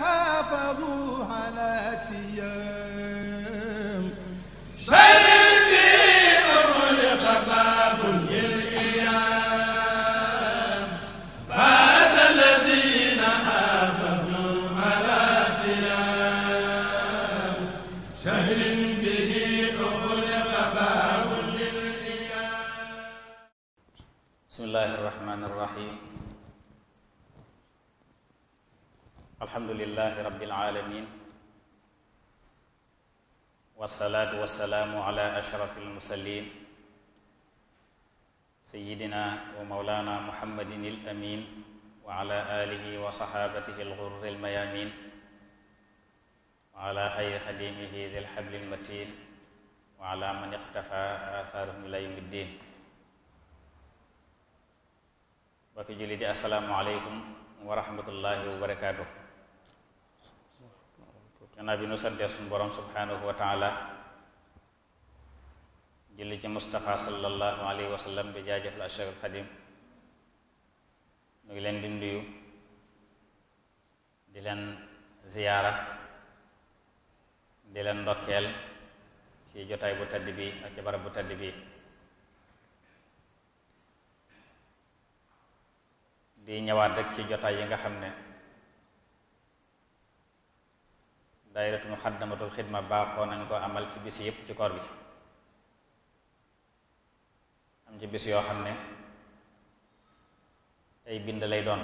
حافظوا لله رب العالمين والصلاة والسلام على أشرف المرسلين سيدنا ومولانا محمد الأمين وعلى آله وصحابته الغر الميامين وعلى خير خديمه ذي الحبل المتين وعلى من اقتفى آثارهم إلى يوم الدين وفي julli السلام عليكم ورحمة الله وبركاته gannaaw bi nu santee suñu borom subhanahu wa taala julli ci Mustafa sallallahu alayhi wa sallam bi jaajëf la Cheikh Xadim mu ngi leen di nuyu di leen ziyaara di leen ndokkeel ci jotaay bu tedd bi ak ci barab bu tedd bi di ñëwaat rek ci jotaay yi nga xam ne dairatu muxaddamatul khidma baaxoo nañ ko amal ci bis yep ci koor bi am ci bis yo xamne ay bind lay don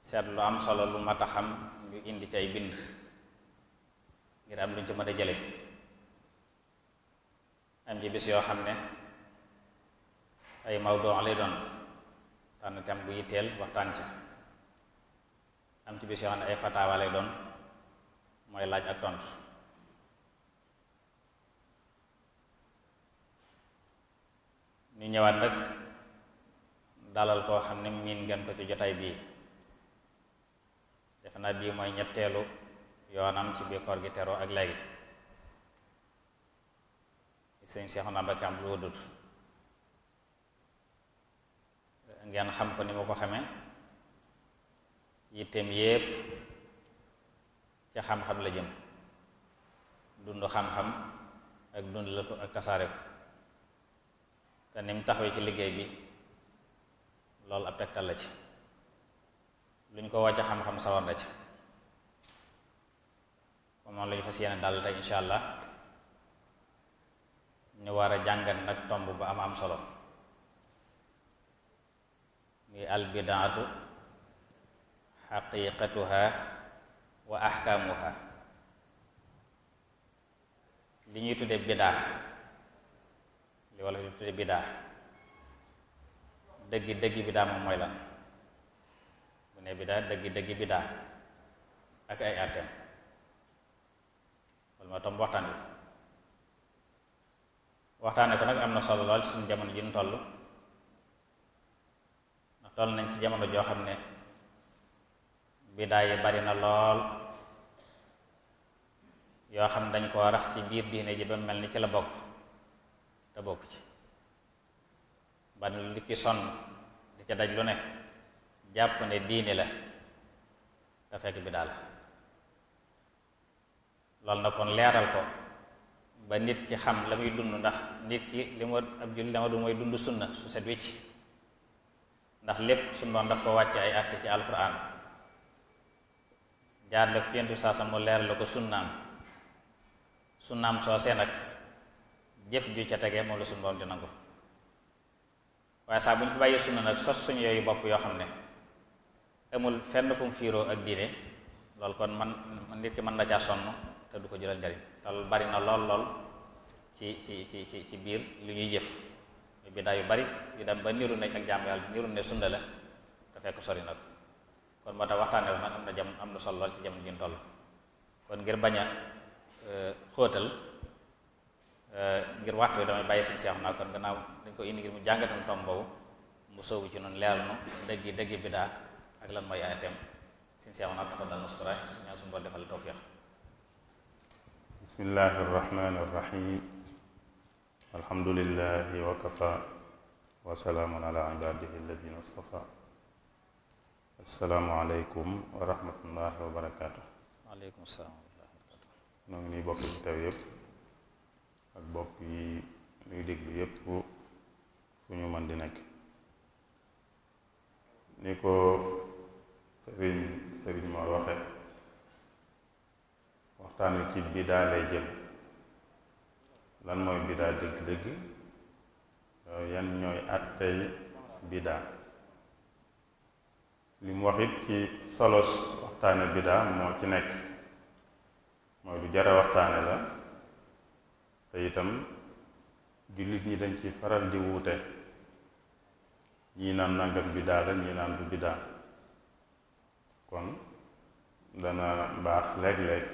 set lu am solo lu mata xam ñu indi ci ay bind ngir am luñ ci mën a am ci bis yo xamne ay mawduu lay don tan tam bu yitel waxtan ci am ci bis yoo ay fataawa lay doon moy laaj ak tont ñu ñëwaat nak dalal ko xamne ne gën ko ci jotaay bii defe bi moy ñettelu ñetteelu yoonam ci bi koor gi teroo ak léegi seen Seexuna Mbakke am lu wëddut ngeen xam ko ni mako ko yitteem yep ci xam-xam la jëm dundu xam-xam ak dundu la ak tasaare ko te nim taxawé ci liggéey bi loolu ab tegtal la ci luñ ko wacc xam-xam sawar la ci kon moom lay fasiyena dal tay inshallah ñu war a jàngat nag bu am am solo mi al bid'atu haqiqatuha wa ahkamuha li ñuy tuddé bidah li wala li tuddé bidah deug deug bidah mo moy lan bu né bidah deug deug bidah ak ay àtteem wala ma tam waxtan bi waxtan ko nak amna na solo lool ci jamono ji ñu tollu ndax nañ ci jamono jo xam ne bidaa yi bari na lol yo xam dañ ko rax ci bir diine ji ba mel ni ci la bok ta bok ci ban li ki son di ca daj lu ne japp ne diine la ta fek bi dal lol na kon leeral ko ba nit ki xam lamuy dund ndax nit ki limu ab jul dama ma moy dund sunna su set ndax lepp ko wacce ay àtte ci alquran jaarle ko sa sasa mo leer leeral sunnam sunnam so se nak jef ju ca tege ya, mo la sun borom di nangu waaye saa bu fi baye sunna nak sos suñ yooyu ya, bop yo ya xamne amul fenn fu mu ak diine lol kon man nit ki man la ca sonn te du ko jural njariñ tal bari na lol lol ci ci ci ci ci bir lu ñuy bi da yu bari yu dam ba niru ne ak jaamu niru ne sunna la te fekk sori nak kon moo tax waxtaane woon am na jam am na solo lool ci jamono ji ñu toll kon ngir bañ a e, xóotal e, ngir waxtu damay bàyyi si naa kon gannaaw dañ ko indi ngir mu jàngatam tom boobu mu soobu ci noonu leeral nu dëggi dëggi bidaa ak lan mooy atem sin seex naa tafaddal maskuura su ñaan suñu bol defal tawfiq bismillahi rrahmani rrahim alhamdulillahi wa kafa wa salaamun ala ibadihi alladina istafa asalaamualeykum wa rahmatullahi wa barakaatu. waaleykum salaam bokk yi teew yëpp ak bokk yi ñuy déglu yëpp fu ñu mën di nekk. ni ko sëriñ sëriñ Mor waxee waxtaan wi ci bidaa lay jëm lan mooy bidaa dëgg-dëgg yan ñooy àttey bidaa. li mu wax it ci solos waxtaane bidaa moo ci nekk mooy lu jara waxtaane la te itam jullit ñi dañ ci faral di wuute ñii naan nangam bidaa la ñii naan du kon dana baax léeg-léeg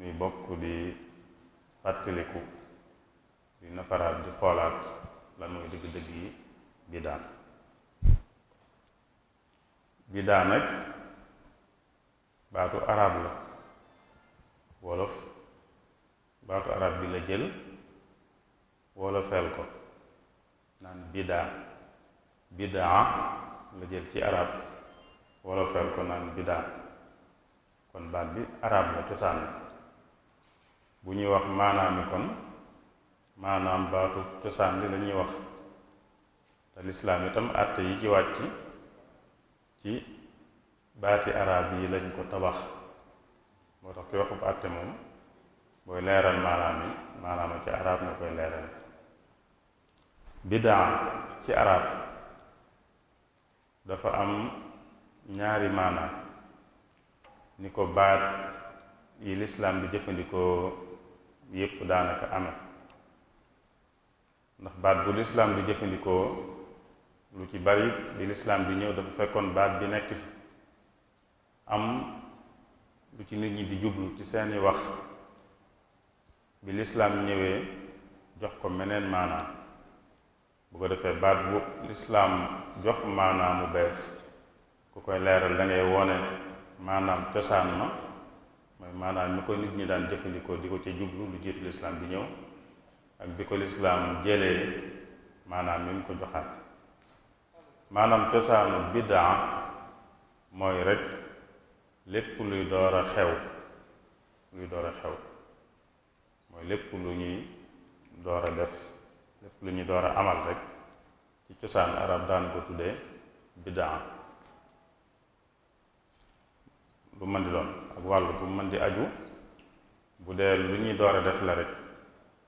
ñuy bokk di fàttaliku di nafaraat di xoolaat lan mooy dëgg-dëgg yi bidaa bidaa nak baatu arab la wolof baatu arab bi la jël wolofeel ko nan bida bida la jël ci arab wolofeel ko nan bida kon baat bi arab la cosaan san bu ñuy wax maanaami kon maanaam baatu san li lañuy wax te itam atay ci wacc ci baati arab yi lañ ko tabax moo tax ki waxub àtte moom booy leeral maanaam yi maanaam ci araab nga koy leeral bidaa ci arab dafa am ñaari maanaam ni ko baat yi lislaam bi jëfandikoo yépp daanaka ame ndax baat bu lislaam bi jëfandikoo lu ci bari bi lislaam di ñëw dafa fekkoon baat bi nekk fi am lu ci nit ñi di jublu ci seeni wax bi lislaam ñëwee jox ko meneen maanaam bu ko defee baat bu lislaam jox maanaam mu bees ku koy leeral da ngay wone maanaam cosaan ma mooy maanaam mi ko nit ñi daan jëfandikoo di ko ci jublu lu jiitu lislaam di ñëw ak bi ko lislaam jëlee maanaam mi mu ko joxaat maanaam cosaanu bidaa mooy rek lépp luy door a xew luy door a xew mooy lépp lu ñuy door a def lépp lu ñuy door a amal rek ci cosaan arab daan ko tuddee bidaa mën di doon ak wàllu bu mën di aju bu dee lu ñuy door a def la rek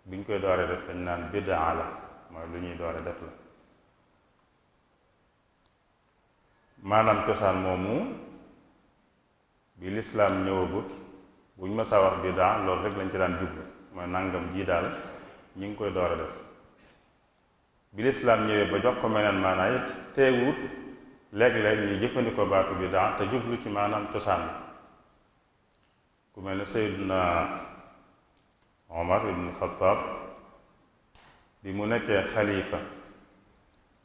bi ñu koy door def dañ naan bidaa la mooy lu ñuy door def la maanaam cosaan moomu bi lislaam ñëwagut bu ñu mësaa wax bidaa loolu rek lañ ci daan jublu mooy nàngam jii daal ñu ngi koy door a def bi lislaam ñëwee ba jox ko meneen maanaay teewut léeg-léeg ñu jëfandikoo baatu bi bidaa te jublu ci maanaam cosaan ku mel ne Seydina Omar ibn Xattaab bi mu nekkee xalifa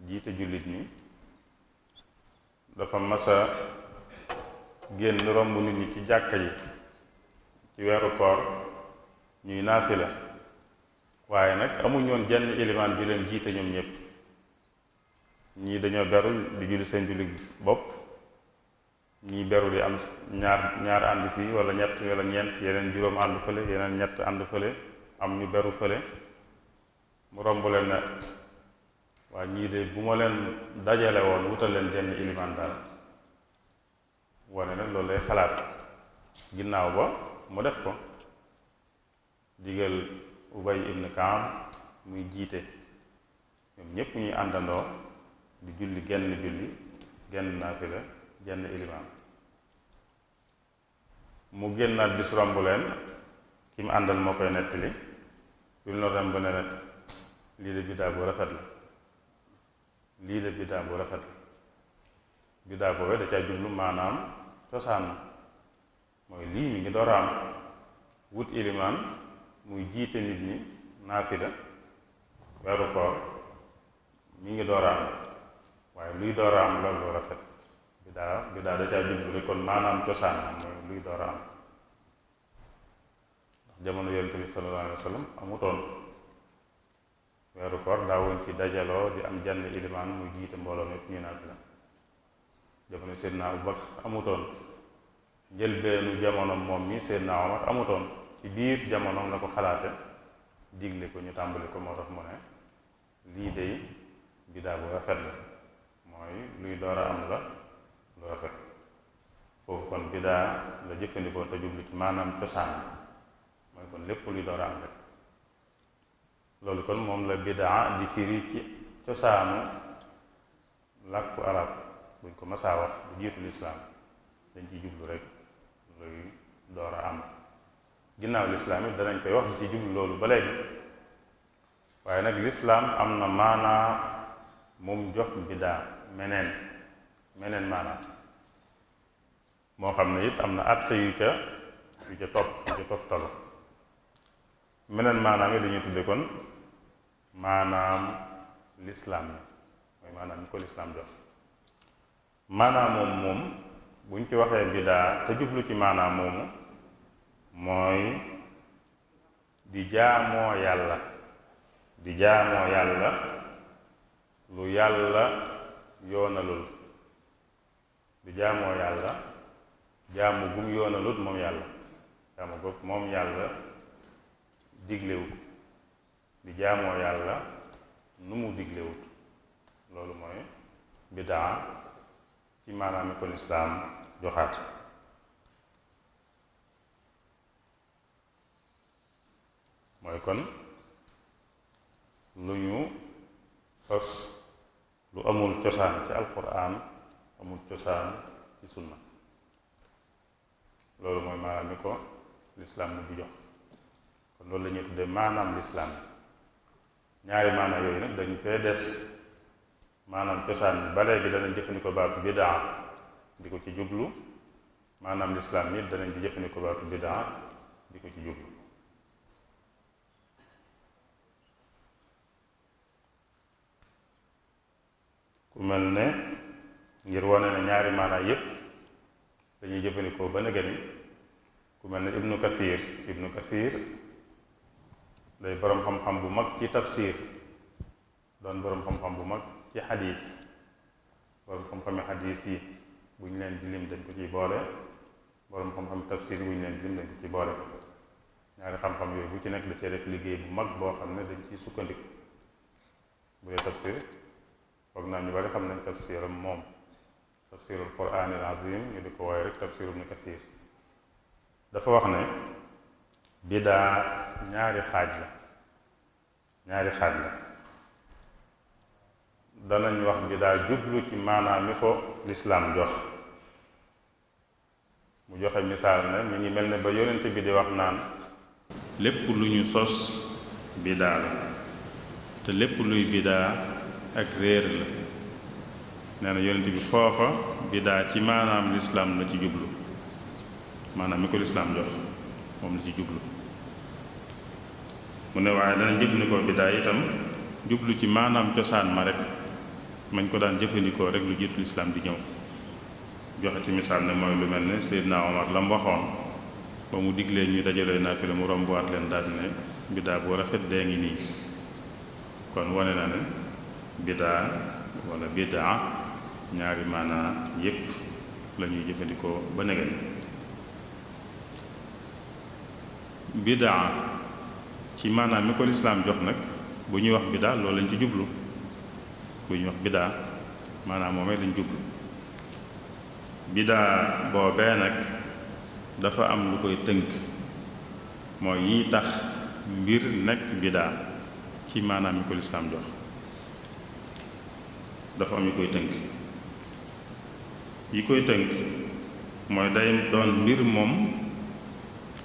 jiite jullit ñi dafa masa génn romb nit ñi ci jàkka ji ci weeru koor ñuy naafila waaye nag amuñoon jenn ilimaan bi leen jiite ñoom ñëpp ñii dañoo beru di julli seen julli bopp ñii beru di am ñaar ñaar ànd fii wala ñett wala ñeent yeneen juróom ànd fële yeneen ñett ànd fële am ñu beru fële mu romb leen na waaye ñii de bu ma leen dajale woon wutal leen jenn ilimaan daal wane nag loolu lay xalaat ginnaaw ba mu def ko digal ubay ibn kaam muy jiite ñépp ñuy àndandoo di julli genn julli genn naafila genn ilimaan mu génnaat bis romb leen ki mu àndal moo koy nettali lu ñu dem ba ne lii de biddaa rafet la li le bida bu rafet biddaa boobee da caa jublu manam tosan moy li mi ngi doram wut iliman muy jite nit ni nafida waru ko mi ngi doram waaye luy doram lol lu rafet bida bida da ca jublu rek kon manam tosan moy luy doram jamono yonent sallallahu alaihi wasallam sallam weeru koor daa woon ci dajaloo di am jànn ilimaan mu jiite mbooloo mépp ñuy naafila jamono Seydina Abu Bakar amutoon njëlbeenu jamonom moom mi Seydina Omar amutoon ci biir jamono nga ko xalaate digle ko ñu tàmbali ko moo tax mu ne lii day bidaa bu rafet la mooy luy door a am la lu rafet foofu kon bidaa la jëfandikoo te jublu ci maanaam cosaan mooy kon lépp luy door a am rek loolu kon moom la bidaa di firi ci cosaanu làkku arab buñ ko masaa wax bu jiitu lislaam dañ ci jublu rek luy door a am ginnaaw lislaam it danañ koy wax li ci jublu loolu ba léegi waaye nag lislaam am na maanaa mum jox bidaa meneen meneen maanaa moo xam ne it am na àtte yu ca yu ca topp yu ca toftalu meneen maanaam yi dañuy tudde kon maanaam lislaam la mooy maanaam ñu ko lislaam jox maanaam moom moom buñ ci waxee bidaa te jublu ci maanaam moomu mooy di jaamoo yàlla di jaamoo yàlla lu yàlla yoonalul di jaamoo yàlla jaamu gum yoonalut moom yàlla jaamu goog moom yàlla diglewu di jaamoo yàlla nu mu diglewut loolu mooy bidaa ci maanaam ko lislaam joxaat mooy kon lu ñu sos lu amul cosaan ci alquran amul cosaan ci sunna loolu mooy maanaam mi ko lislaam mu di jox kon loolu la ñuy tuddee maanaam lislaam ñaari maana yooyu nag dañ fee des maanaam cosaan ba léegi danañ jëfandikoo baatu bidaa di ko ci jublu maanaam lislaam it danañ ci jëfandikoo baatu bidaa di ko ci jublu ku mel ne ngir wane ne ñaari maana yëpp dañuy jëfandikoo ba nëgëni ku mel ne ibnu kasir ibnu kasir day boroom xam-xam bu mag ci tafsir doon boroom xam-xam bu mag ci xadis boroom xam-xami xadis yi bu ñu leen di lim dañ ko ciy boole boroom xam-xami tafsir yi bu ñu leen di lim dañ ko ciy boole ñaari xam-xam yooyu bu ci nekk da cee def liggéey bu mag boo xam ne dañ ciy sukkandik bu dee tafsir foog naa ñu bari xam nañ tafsiram moom tafsirul quraan al azim ñu di ko waaye rek tafsir ibnu kasir dafa wax ne bidaa ñaari xaaj la ñaari xaaj la danañ wax ji daa jublu ci maanaam mi ko lislaam mu joxe misaal na mi ngi mel ne ba yonent bi di wax naan lépp lu sos bidaa la te lépp luy bidaa ak réer na yonent bi foofa bidaa ci maanaam lislaam la ci jublu maanaam mi ko lislaam jox moom la ci jublu mu ne waaye dana jëfandikoo biddaa itam jublu ci maanaam cosaan ma rek mañ ko daan jëfandikoo rek lu jiitu lislaam bi ñëw joxe ci misaal ne mooy lu mel ne Seydina Omar la mu waxoon ba mu diglee ñu dajalee naa fi la mu rombuwaat leen daal ne biddaa bu rafet dee ngi nii kon wane na ne biddaa wala biddaa ñaari maanaa yépp la jëfandikoo ba negal biddaa ci maanaam mi ko lislaam jox nag bu ñuy wax biddaa loolu lañ ci jublu bu ñuy wax biddaa maanaam moom lañ jublu biddaa boobee nag dafa am lu koy tënk mooy yi tax mbir nekk biddaa ci maanaam mi ko lislaam jox dafa am yi koy tënk yi koy tënk mooy day doon mbir moom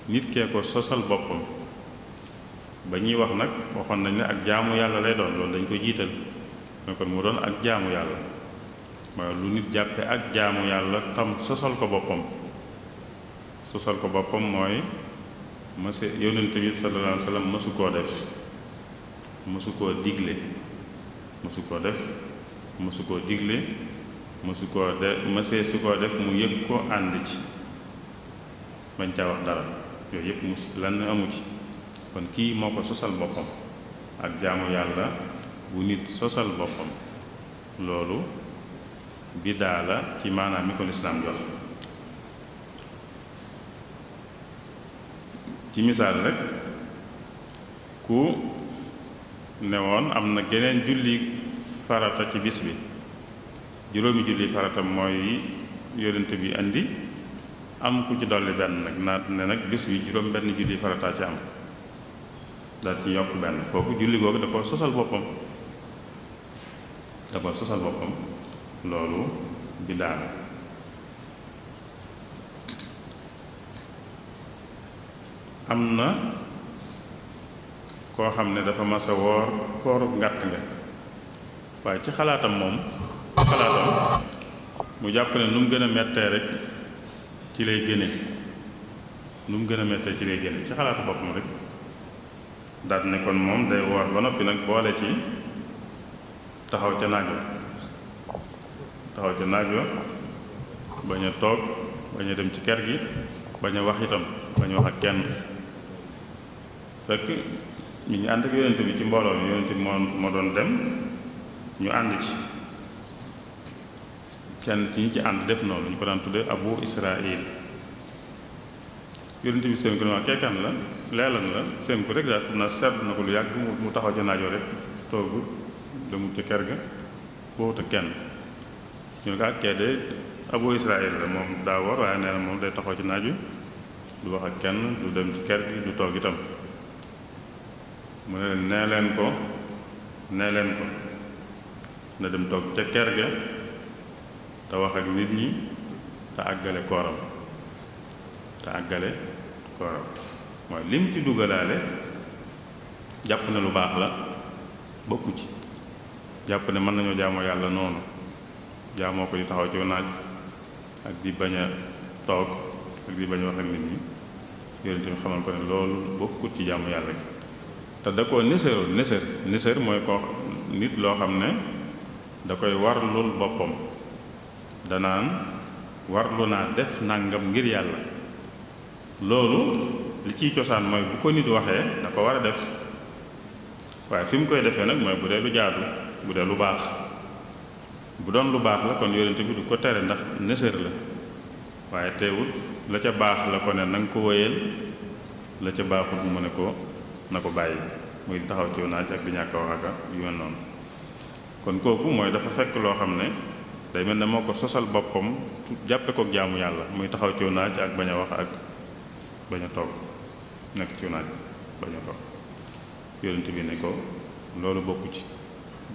nit kee ko sosal boppam ba ñuy wax nag waxoon nañ ne ak jaamu yàlla lay doon loolu dañ ko jiital mooy kon mu doon ak jaamu yàlla mooy lu nit jàppe ak jaamu yàlla tam sosal ko boppam sosal ko boppam mooy mëse yonente bi sallallahu alayhi mësu koo def mësu koo digle mësu koo def mësu koo digle mësu koo de mësee su koo def mu yëg ko ànd ci bañ caa wax dara yooyu yëpp mës lan amu ci kon kii moo ko sosal boppam ak jaamu yàlla bu nit sosal boppam loolu biddaa la ci maanaam mi ko lislaam jox ci misaal rek ku ne woon am na geneen julli farata ci bis bi juróomi julli farata mooy yonent bi indi am ku ci dolli benn nag naat ne nag bis bi juróom benn julli farata ci am daal ci yokk benn kooku julli googu da koo sosal boppam da koo sosal boppam loolu biddaa la am na koo xam ne dafa mas a woor kooru ngàtt nga waaye ci xalaatam moom ci xalaatam mu jàpp ne lu mu gën a mettee rek ci lay génne lu mu gën a mettee ci lay génne ci xalaatu boppam rek daal ne kon moom day woor ba noppi nag boole ci taxaw ca naaj wa taxaw ca naaj wa bañ a toog bañ a dem ci kër gi bañ a wax itam bañ a wax ak kenn fekk ñu ngi ànd ak yonent bi ci mbooloo mi yonent bi moo moo doon dem ñu ànd ci kenn ci ñi ci ànd def noonu ñu ko daan tudde abu israil yonent bi seen ko ne waa keekan la leelan la seen ko rek daal xam na ko lu yàgg mu taxaw ca naajoo rek toogut demul ca kër ga boobu te kenn ñu ne ko ak ah, kee abu israel la moom daa war waaye nee na moom day taxaw ci naaju du wax ak kenn du dem ci kër gi du toog itam mu ne leen nee leen ko nee leen ko na dem toog ca kër ga te wax ak nit ñi te àggale kooram te àggale kooram mooy lim ci dugalaale jàpp ne lu baax la bokku ci jàpp ne mën nañoo jàmmoo yàlla noonu jaamoo ko di taxaw ci naaj ak di bañ a toog ak di bañ wax ak nit ñi yonent bi xamal ko ne loolu bokkut ci jaamu yàlla gi te da koo niseeroon niseer niseer mooy ko nit loo xam ne da koy warlul boppam danaan warlu naa def nàngam ngir yàlla loolu li ciy cosaan mooy bu ko nit waxee da ko def waaye fi mu koy defee nag mooy bu lu jaadu bu dee lu baax bu doon lu baax la kon yonente bi du ko tere ndax nësër la waaye teewut la ca baax la ko ne na ko wëyal la ca baaxut mu ne ko na ko bàyyi muy di taxaw ci naaj ak di ñàkk wax ak yu mel kon kooku mooy dafa fekk loo xam ne day mel ne ko sosal boppam jàppe ko jaamu yàlla muy taxaw ci naaj ak bañ wax ak bañ a nekk ci naaj bañ a ko bi ne ko loolu bokku ci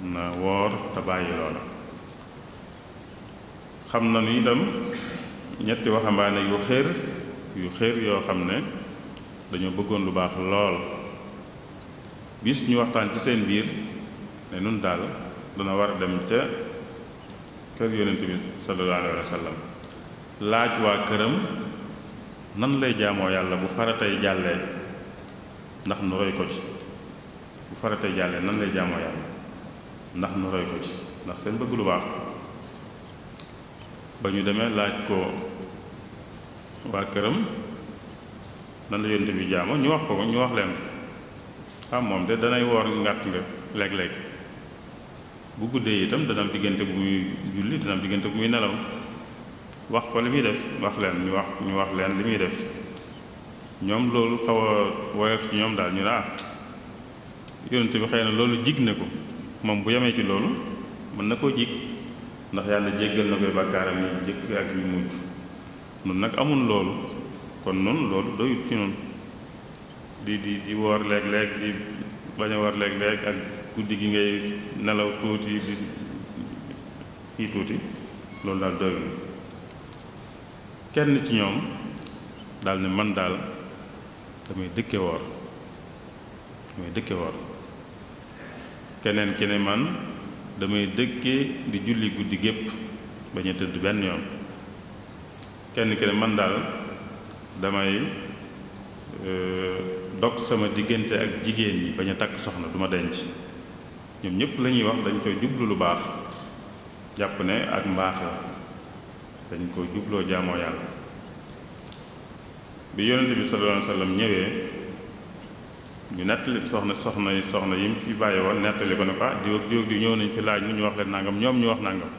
na woor te bàyyi loola xam na nu itam ñetti waxambaane yu xér yu xér yoo xam ne dañoo bëggoon lu baax lool bis ñu waxtaan ci seen biir ne nun daal dana war a dem ca kër yonent bi sallallahu alayhi laaj waa këram nan lay jaamoo yàlla bu faratay jàllee ndax nu ko ci bu faratay jàllee nan lay jaamoo yàlla ndax nu roy ko ci ndax seen bëgg lu baax ba ñu demee laaj ko waa këram nan la yonte bi jaamoo ñu wax ko ko ñu wax leen ko ah moom de danay woor ngàtt nga léeg-léeg bu guddee itam dana am diggante bu muy julli dana diggante bu muy nelaw wax ko li muy def wax leen ñu wax ñu wax leen li muy def ñoom loolu xaw woyof ci ñoom daal ñu ne ah bi xëy na loolu jig na ko moom bu yemee ci loolu mën na koo jig ndax yàlla jéggal na koy bàkkaaram yi jëkk ak yu mujj nun nag amul loolu kon noonu loolu doyut ci noonu di di di woor léeg-léeg di bañ a woor léeg-léeg ak guddi gi ngay nelaw tuuti di kii tuuti loolu daal doyul kenn ci ñoom daal ne man daal damay dëkke woor damay dëkke woor keneen ki ne man damay dëkke di julli guddi gépp bañ a tëdd benn yoon kenn ki ne man daal damay euh, dog sama diggante ak jigéen ñi bañ a takk soxna du ma denc ñoom ñëpp lañuy ñuy wax dañ koy jublu lu baax jàpp ne ak mbaax la dañ ko jubloo jaamoo yàlla bi yonente bi sallallahu alayhi wa sallam ñëwee ñu nettali soxna soxna yi soxna yi mu fi bàyyi woon nettali ko ne ko ah diw ak ñëw nañ fi laaj ñu wax leen nangam ñoom ñu wax nangam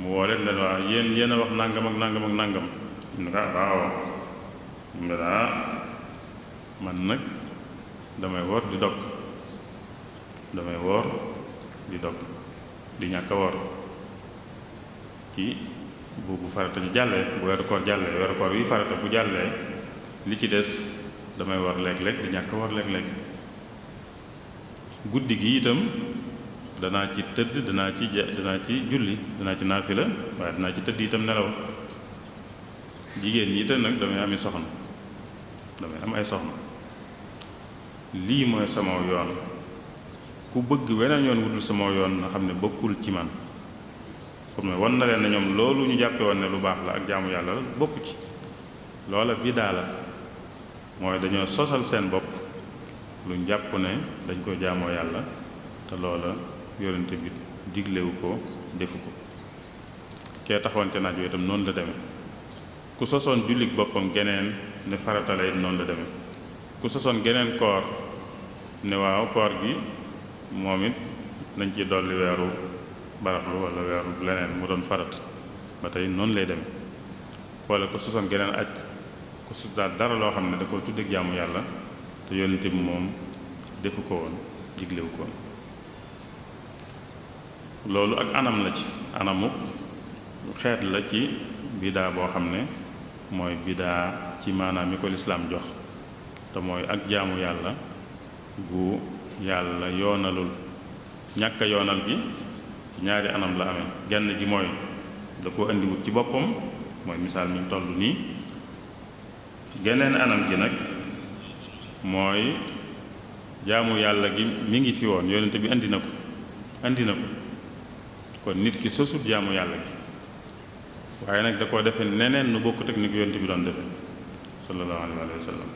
mu woo leen ne waa yéen yéen wax nangam ak nangam ak nangam ñu ko ah waaw mu ne ah man nag damay woor di dog damay woor di dog di ñàkk woor ci bu bu farata ji jàllee bu weeru koor jàllee weeru koor wi farata bu jàllee li ci des damay war léeg-léeg di ñàkk war léeg-léeg guddi gi itam danaa ci tëdd danaa ci danaa ci julli danaa ci naafila waaye danaa ci tëdd itam nelaw jigéen ñi nag damay ami soxna damay am ay soxna lii mooy sama yoon ku bëgg weneen yoon wutul sama yoon na xam ne bokkul ci man comme wan na leen ne ñoom loolu ñu jàppe woon ne lu baax la ak jaamu yàlla la bokku ci loola bidaa la mooy dañoo sosal seen bopp lu ñu jàpp ne dañ koy jaamoo yàlla te loola yonente bi diglewu ko defu ko kee taxawante naaj wi itam noonu la demee ku sosoon jullik boppam geneen ne farata it noonu la demee ku sosoon geneen koor ne waaw koor gi moom it nañ ci dolli weeru baraxlu wala weeru leneen mu doon farat ba tey noonu lay demee wala ko sosoon geneen aj ku sos dara loo xam ne da ko tuddeeg jaamu yàlla te yonente bi moom defu ko woon ko loolu ak anam la ci anamu xeet la ci bidaa boo xam ne mooy bidaa ci maanaam mi ko lislaam jox te mooy ak jaamu yàlla gu yàlla yoonalul ñàkk a yoonal gi ci ñaari anam la amee genn gi mooy da koo indiwut ci boppam mooy misaal mi toll nii geneen anam gi nag mooy jaamu yàlla gi mi ngi fi woon yonent bi indi na ko indi na ko kon nit ki sosut jaamu yàlla gi waaye nag da koo defe neneen nu bokk technique yonent bi doon defe sallallahu alayhi wa sallam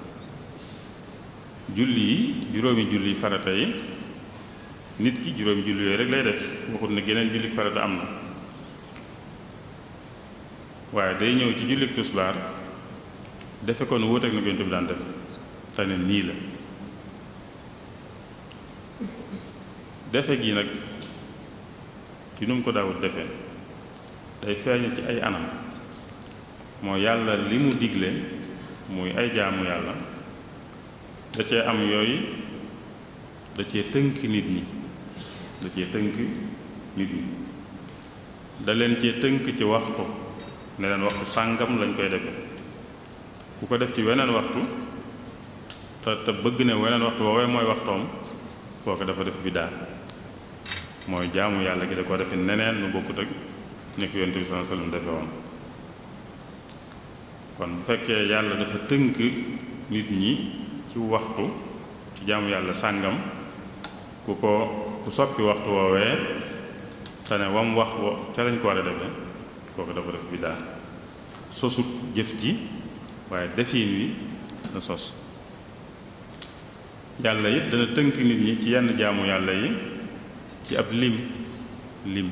julli yi juróomi julli farata yi nit ki juróom julli yooyu rek lay def waxut ne geneen jullik farata am na waaye day ñëw ci jullik tusbaar defe kon wóot ak na ko bi daan def te ne nii la defe gi nag ci nu ko daawut defe day feeñu ci ay anam moo yàlla li mu digle muy ay jaamu yàlla da cee am yooyu da cee tënk nit ñi da cee tënk nit ñi da leen cee tënk ci waxtu ne leen waxtu sàngam lañ koy defe ku ko def ci weneen waxtu te te bëgg ne weneen waxtu woowee mooy waxtoom kooku dafa def biddaa mooy jaamu yàlla gi da ko defe neneen nu bokkut ak ni ko yonent bi defe woon kon bu fekkee yàlla dafa tënk nit ñi ci waxtu ci jaamu yàlla sàngam ku ko ku soppi waxtu woowee te ne wam wax wo ca lañ ko war a kooku dafa def biddaa sosut jëf ji waaye defiin wi na sos yàlla yi dana tënk nit ñi ci yenn jaamu yàlla yi ci ab lim lim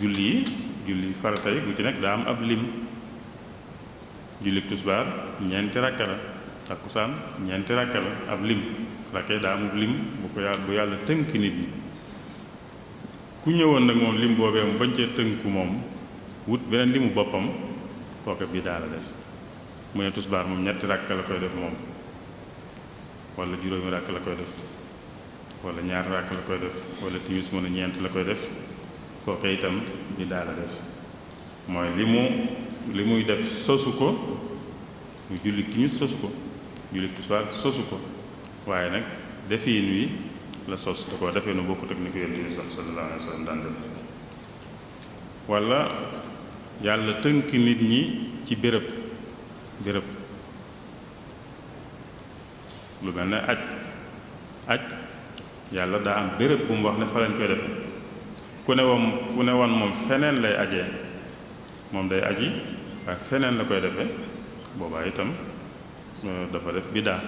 julli yi julli farata gu ci nekk daa am ab lim julli tusbaar ñeenti rakka la takkusaan ñeenti rakka la ab lim rakkee daa am lim bu yàlla bu yàlla tënk nit ñi ku ñëwoon nag moom lim boobee mu bañ cee tënku moom wut beneen limu boppam kooke bi daal la def mu ne tusbaar moom ñetti ràkk la koy def moom wala juróomi ràkk la koy def wala ñaari ràkk la koy def wala timis mu ne ñeent la koy def kooke itam bi daal la def mooy li mu li muy def sosu ko mu julli timis sosu ko julli tusbaar sosu ko waaye nag defiin wi la sos da koo defee nu bokkut ak ni ko yonent bi sallallahu alayhi wa sallam daan def wala yàlla tënk nit ñi ci béréb béréb lu mel ne aj aj yàlla daa am béréb bu mu wax ne fa lañ koy defe ku ne woon ku ne woon moom feneen lay ajee moom day aji ak feneen la koy defee boobaa itam euh, dafa def biddaa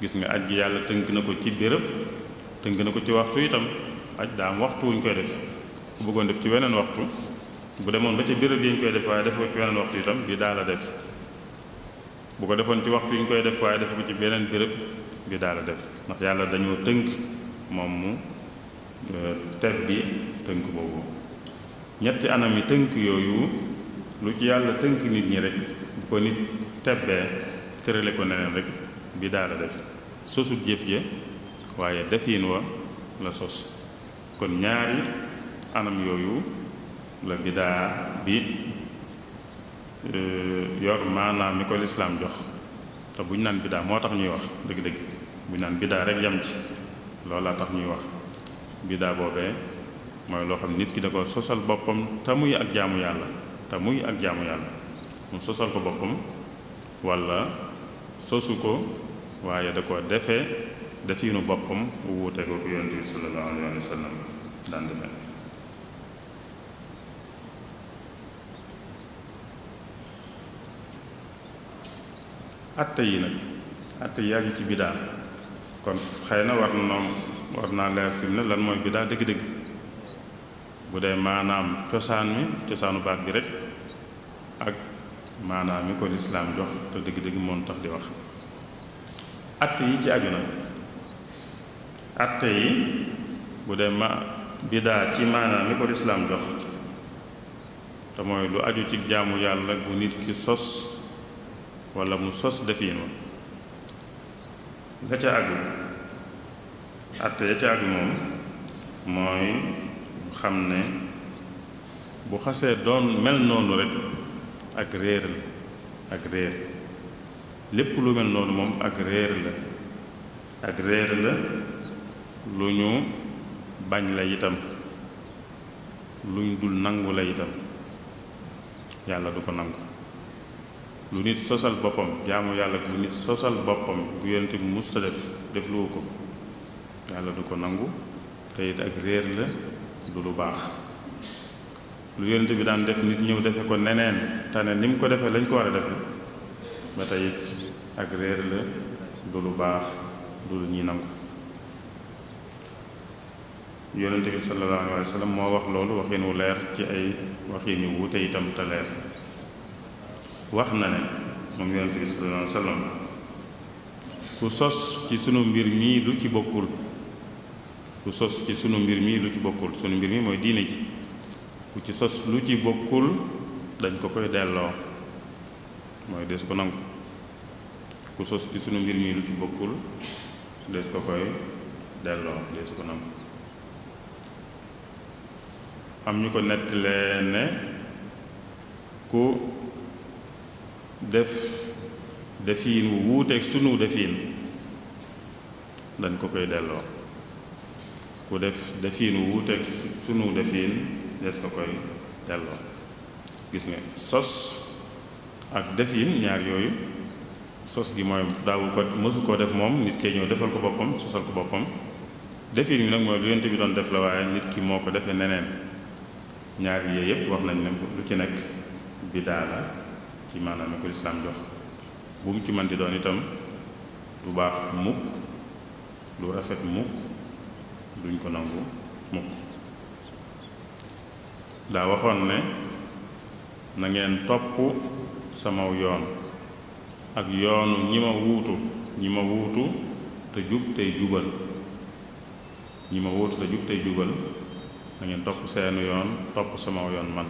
gis nga aj gi yàlla tënk na ko ci béréb tënk na ko ci waxtu itam aj daa am waxtu wuñ koy def ku bëggoon def ci weneen waxtu bu demoon ba ci béréb yi ñu koy def waaye def ko ci weneen waxtu itam bi daal la def bu ko defoon ci waxtu yi ñu koy def waaye def ko ci beneen béréb bi daal la def ndax yàlla dañoo tënk moom mu teb bi tënk boobu ñetti anam yi tënk yooyu lu ci yàlla tënk nit ñi rek bu ko nit tebbee tërale ko neneen rek bi daal la def sosut jëf je waaye defiin wa la sos kon ñaari anam yooyu la bidaa bi euh, yor maanaam mi ko lislaam jox te buñ naan bidaa moo tax ñuy wax dëgg-dëgg bu ñu naan bidaa rek yam ci loolaa tax ñuy wax bidaa boobee mooy loo xam nit ki da ko sosal boppam te muy ak jaamu yàlla te muy ak jaamu yàlla mu sosal ko boppam walla sosu ko waaye da ko defee defiinu boppam bu wuute ko yonent bi sallallahu alayhi wa sallam daan defe atte yi nag atte yi aju ci biddaa kon xëy na war na war naa leer fi ne lan mooy biddaa dégg dégg bu dee maanaam cosaan mi cosaanu baat bi rekk ak maanaam mi ko lislaam jox te dëgg-dëgg moom tax di wax atte yi ci aju nag atte yi bu dee ma bidaa ci maanaam mi ko lislaam jox te mooy lu aju ci jaamu yàlla bu nit ki sos wala mu sos defiin wa la ca aju atte ya ca aju moom mooy xam ne bu xasee doon mel noonu rek ak réer la ak réer lépp lu mel noonu moom ak réer la ak réer la lu ñu bañ la itam luñ dul nangu la itam yàlla du ko nangu lu nit sosal boppam jaamu yàlla lu nit sosal boppam gu yonent bi musta def def lu ko yàlla du ko nangu te ak réer la du lu baax lu yonent bi daan def nit ñëw defe ko neneen tane ni mu ko defee lañ ko war a defe ba tey it ak réer la du lu baax du lu ñuy nangu yonente bi sallallahu alayhi wa sallam moo wax loolu waxin wu leer ci ay waxin yu wuute itam te leer wax na ne moom yonente bi sallallahu alayhi ku sos ci sunu mbir mii lu ci bokkul ku sos sunu mbir mii lu ci bokkul sunu mbir mi mooy diine ji ku ci sos lu ci bokkul dañ ko koy delloo mooy des ko nangu ku sos ci sunu mbir mii lu ci bokkul des ko koy delloo des ko nangu am ñu ko nettalee ne ku def defiin wu wuuteeg sunu defiin dañ ko koy delloo ku def defiin wu wuuteeg sunu defiin des ko koy delloo gis nga sos ak defiin ñaar yooyu sos gi mooy daawu ko mësu koo def moom nit kee ñëw defal ko boppam sosal ko boppam defin bi nag mooy lu yonte bi doon def la waaye nit ki moo ko defee neneen ñaar yooyu yëpp wax nañ ne lu ci nekk bidaa la ci maanaam ko lislaam bu ci mën di doon itam du lu rafet mukk duñ ko nangu mukk waxoon ne na ngeen topp samaw yoon ak yoonu ñi ma wuutu ñi ma wuutu te jub tey jubal ñi ma wuutu te jub tey jubal na ngeen topp seenu yoon topp sama yoon man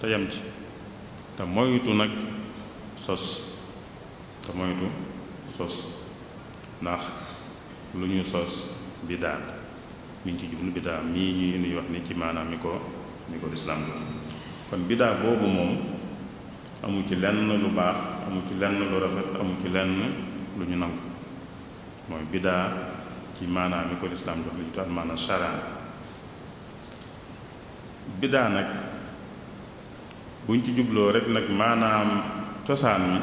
te yem ci te moytu nag sos te moytu sos ndax lu ñu sos bidaa mi ngi ci jublu bidaa mii ñuy nuy wax ni ci maanaam mi ko mi ko lislaam la kon bidaa boobu moom amul ci lenn lu baax amu ci lenn lu rafet amu ci lenn lu ñu nangu mooy biddaa ci maanaam mi ko lislaam jox li ñu tudd maanaam charia biddaa nag buñ ci jubloo rek nag maanaam cosaan mi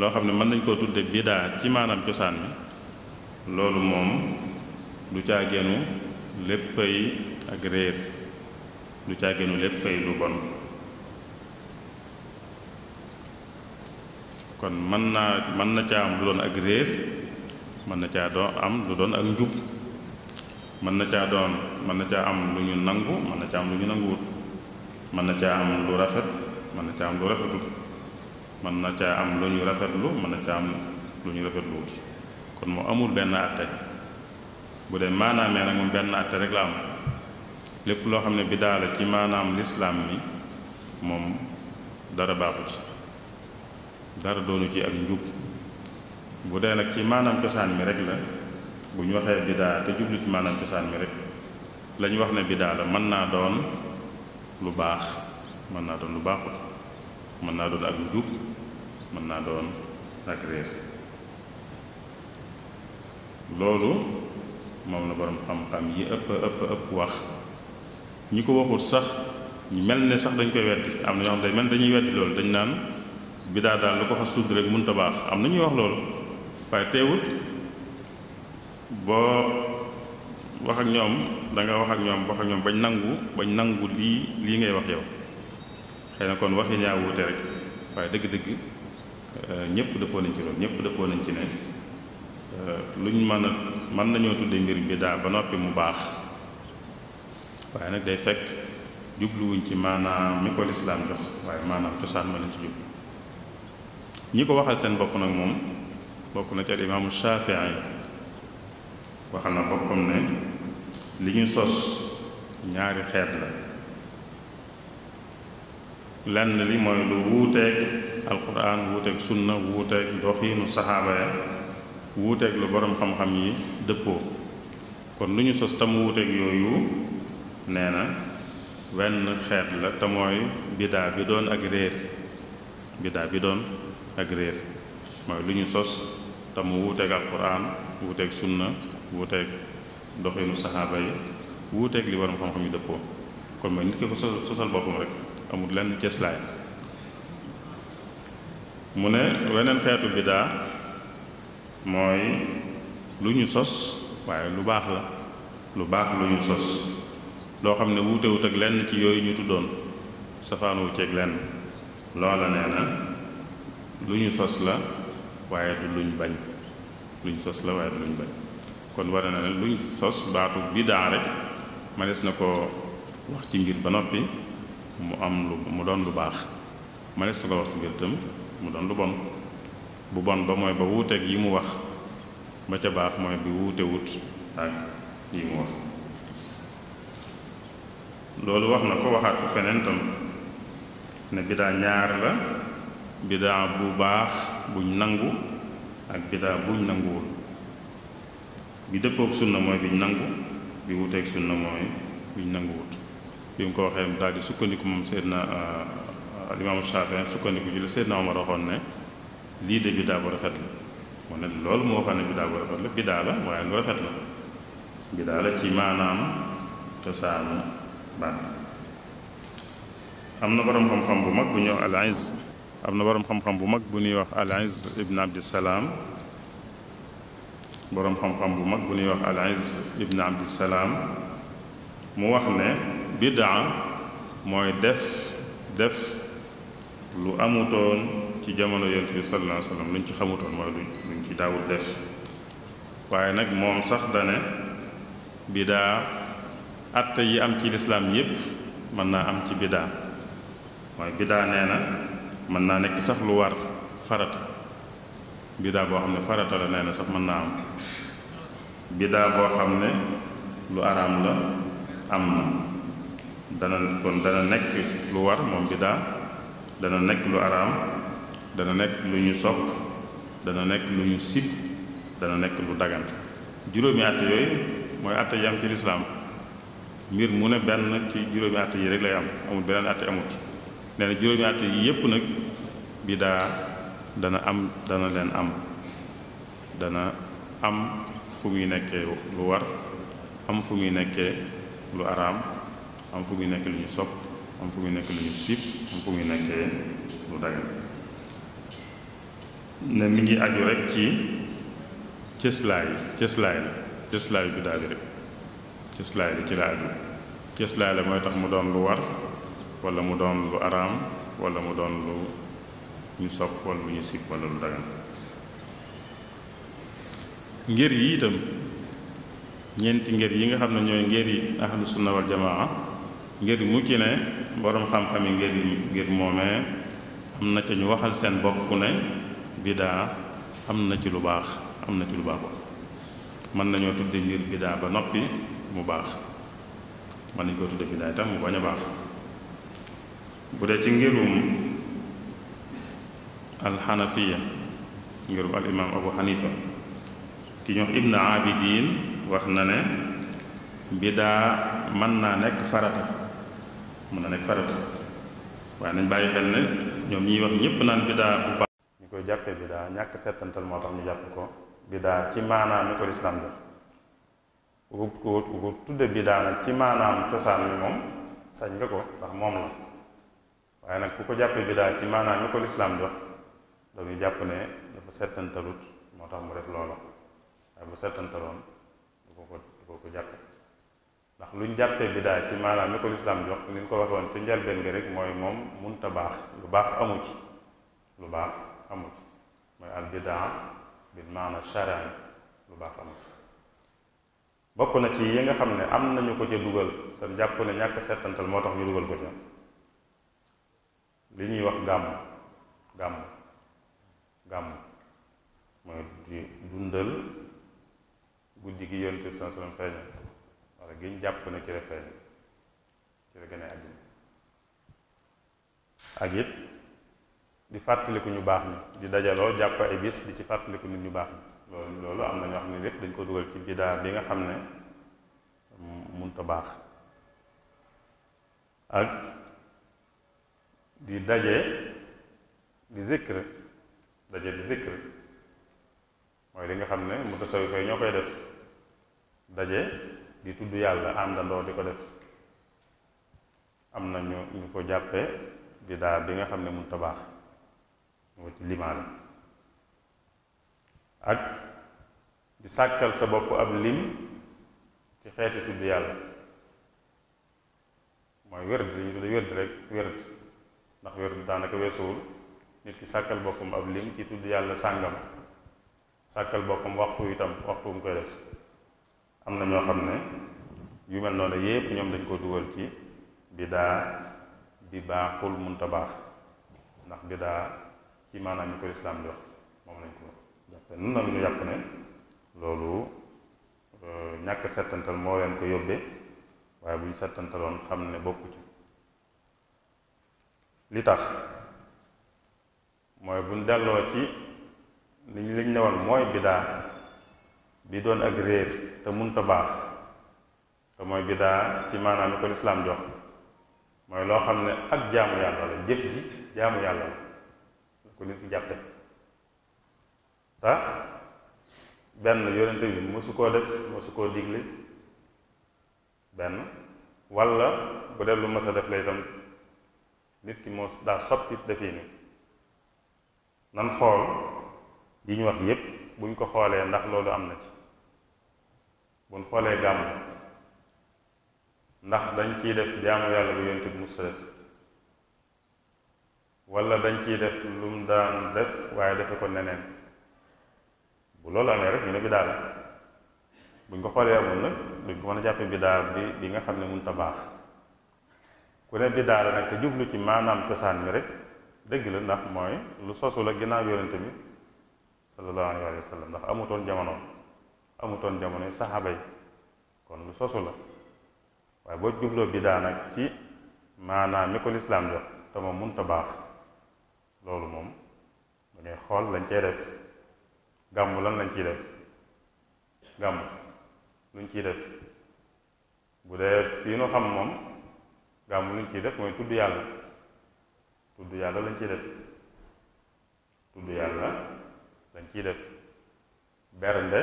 loo xam ne mën nañ koo tudde biddaa ci maanaam cosaan mi loolu moom du caa genu léppay ak réer du caa genu léppay lu bon kon mën naa mën na caa am lu doon ak réer mën na caa doo am lu doon ak njub mën na caa doon mën na caa am lu ñu nangu mën na caa am lu ñu nanguwut mën na caa am lu rafet mën na caa am lu rafetut mën na caa am lu ñu rafetlu mën na caa am lu ñu rafetluwut kon moo amul benn àtte bu dee maanaamee nag moom benn àtte rek la am lépp loo xam ne bidaa la ci maanaam lislaam mi moom dara baaxu ci dara doonu ci ak njub bu dee nag ci maanaam cosaan mi rek la bu ñu waxee bidaa te jublu ci maanaam cosaan mi rek la wax ne bidaa la mën naa doon lu baax mën naa doon lu baaxut mën naa doon ak njub mën naa doon ak réer loolu moom la borom xam-xam yi ëpp ëpp ëpp wax ñi ko waxut sax ñu mel ne sax dañ koy weddi am na ñoo xam ne mel dañuy weddi loolu dañ naan bidaa daal lu ko xas tudd rek mënut baax am na ñuy wax loolu waaye teewul. boo wax ak ñoom da nga wax ak ñoom wax ak ñoom bañ nangu bañ nangu lii lii ngay wax yow xëy na kon wax wuute rek waaye dëgg-dëgg euh, ñëpp dëppoo nañ ci loolu ñëpp dëppoo nañ ci ne euh, luñ mën a mën nañoo tuddee mbir bidaa ba noppi mu baax waaye nag day fekk jubluwuñ ci maanaam mi ko lislaam jox waaye maanaam cosaan ma lañ ci jublu ñi ko waxal seen bopp nag moom bokk na ci al waxal na boppam ne li ñu sos ñaari xeet la lenn li mooy lu wuuteeg alquran wuuteeg sunna wuuteeg doxiinu saxaaba ya wuuteeg lu borom xam-xam yi dëppoo kon lu ñu sos tam wuuteeg yooyu nee na wenn xeet la te mooy bidaa bi doon ak réer bidaa bi doon ak réer mooy lu ñu sos te mu wuuteeg alquran wuuteeg sunna wuuteeg doxinu saxaaba yi wuuteeg li waram xam-xam yi dëppoo kon mooy nit ki ko sosal boppam rek amul lenn cëslaay mu ne weneen xeetu bidaa mooy lu ñu sos waaye lu baax la lu baax lu ñu sos loo xam ne wuutewut ak lenn ci yooyu ñu tuddoon safaan wu ceeg lenn loola nee na lu ñu sos la waaye du luñ bañ luñ sos la waaye du luñ bañ kon war na luñ sos baatu bidaa rek manees na ko wax ci mbir ba noppi mu am lu mu doon lu baax manees na ko wax ci mbir tam mu doon lu bon bu bon ba mooy ba wuuteeg yi mu wax ba ca baax mooy bi wuute wut ak yi mu wax loolu wax na ko waxaat ko feneen tam ne bidaa ñaar la bidaa bu baax buñ nangu ak bidaa buñ nanguwul bi dëppook sunna mooy biñ nangu bi wuteeg sunna mooy biñ nangu wut bi mu ko waxee daal di sukkandiku moom Seydina alimaamu Shaafi sukkandiku ji la Seydina Omar waxoon ne lii de bidaa bu rafet la mu ne loolu moo xam ne bidaa bu rafet la bidaa la waaye lu rafet la bidaa la ci maanaam cosaanu baat am na borom xam-xam bu mag bu ñuy wax al Izz am na boroom xam-xam bu mag bu ñuy wax al Izz ibn Abdissalaam boroom xam-xam bu mag bu ñuy wax al izz ibn abdissalaam mu wax ne bidaa mooy def def lu amutoon ci jamono yonent bi sallallahu alayhi ci xamutoon mooy luñ ci daawul def waaye nag moom sax dane bidaa atte yi am ci lislaam yépp mën naa am ci bidaa mooy bidaa nee na mën naa nekk sax lu war farata bida bo xamne farata la neena sax man na am bida bo xamne lu aram la am na dana kon dana nek lu war bida, biddaa dana nek lu aram, dana nek lu ñu sopp dana nek lu ñu sib dana nek lu dagan juroomi àtte yoy moy àtte yam ci l'islam Mir mu ne ben ci juroomi àtte yi rek lay am amul benen àtte amut neena juroomi juróomi yi yep nak bida dana am dana leen am dana am fu muy nekkee lu war am fu muy nekkee lu araam am fu muy nekkee lu ñu sopp am fu muy nekk lu ñu siib am fu muy nekkee lu dagan ne mu ngi aju rekk ci cëslaay cëslaay la cëslaay bi daal di rek cëslaay bi ci la aju cëslaay la mooy tax mu doon lu war wala mu doon lu araam wala mu doon lu ñu sopp wala lu ñu sib wala lu dagan ngër yi itam ñeenti ngër yi nga xam ne ñooy ngir yi ahlu sunna wal jamaa ngër mu ci ne boroom xam-xam yi ngër ngir moomee am na ca ñu waxal seen bopp ne bidaa am na ci lu baax am na ci lu baaxul mën nañoo tudde mbir bidaa ba noppi mu baax mën nañu koo tudde bidaa itam mu bañ a baax bu dee ci ngirum Al Hanafiyah, ngir al imam abu Hanifa. ki ñox ibn abidin wax na ne bidaa man na nek farata mën na nek farata wa nañ bàyyi xel ne ñom ñi wax ñepp naan bidaa bu ba ñu koy jappé bidaa ñak settantal moo tax ñu japp ko bidaa ci maanaam ko lislaam do ku ko ku tudde bidaa na ci maanaam cosaan bi moom sañ nga ko ndax mom la waye nak ku ko jappé bidaa ci maanaam ko do dañuy jàpp ne dafa settantalut moo tax mu def loola waaye bu settantaloon du ko ko du ko ko jàppe ndax luñ jàppee bidaa ci maanaam ni ko lislaam jox ni ñu ko waxoon ci njëlbeen gi rek mooy moom munta baax lu baax amu ci lu baax amu ci mooy al bidaa maana charan lu baax amu ci bokk na ci yi nga xam ne am nañu ko ca dugal te jàpp ne ñàkk settantal moo tax ñu dugal ko ca li ñuy wax gàmm gàmm gàmm mooy di dundal guddi gi yonent bi sallallahu alayhi wasallam feeñal wala giñ jàpp na ci la feeñal ci la gën àddina ak it di fàttaliku ñu baax ñi di dajaloo jàpp ay bis di ci fàttaliku nit ñu baax ñi loolu loolu am na ñoo xam ne lépp dañ ko dugal ci bidaa bi nga xam ne munta baax ak di daje di zikr daje di dikr mooy li nga xam ne mutasawif yi def daje di tuddu yalla andando di def amna ñu ñu ko di bidaa bi nga xam mu tabax mo ci limaale ak di sakkal sa bop ab lim ci xéetu tuddu yalla moy wërd li ñu tudd wërd rek wërd ndax da naka weesuwul nit ki sàkkal boppam ab lim ci tudd yàlla sàngam sàkkal boppam waxtu itam waxtu mu koy def am na ñoo xam ne yu mel noonu yépp ñoom dañ koo dugal ci bidaa bi baaxul munta baax ndax bidaa ci maanaam ñu ko lislaam jox moom lañ ko jàppe nun nag ñu jàpp ne loolu euh, ñàkk setantal moo leen ko yóbbee waaye buñ setantaloon xam ne bokku li tax mooy buñ delloo ci liñ liñ ne woon mooy bidaa bi doon ak réer te munta baax te mooy bidaa ci maanaam mi ko lislaam jox mooy loo xam ne ak jaamu yàlla la jëf ji jaamu yàlla la la ko nit ki jàppe te benn yonent bi mosu koo def mosu koo digle benn walla bu def lu mas def lay itam nit ki moo daa soppi defii ni nan xool yi ñu wax yépp buñ ko xoolee ndax loolu am na ci buñ xoolee gàmm ndax dañ ciy def jaamu yàlla bu yonent bi musta def wala dañ ciy def lu mu daan def waaye defe ko neneen bu loolu amee rek ñu ne biddaa la buñ ko xoolee amoon nag duñ ko mën a jàppe biddaa bi bi nga xam ne mun tabaax baax ku ne biddaa nag te jublu ci maanaam cosaan mi rek dëgg la ndax mooy lu sosu la ginnaaw yonente bi sallallahu alayhi wa ndax amutoon jamono amutoon jamono saxaaba yi kon lu sosu la waaye boo jubloo bidaa nag ci maanaam mi ko lislaam jox te moom mënta baax loolu moom da ngay xool lañ cee def gàmmu lan lañ ciy def gàmmu luñ ciy def bu dee fii nu xam moom gàmmu luñ ciy def mooy tudd yàlla tudd yàlla lañ ciy def tudd yàlla lañ ciy def bernde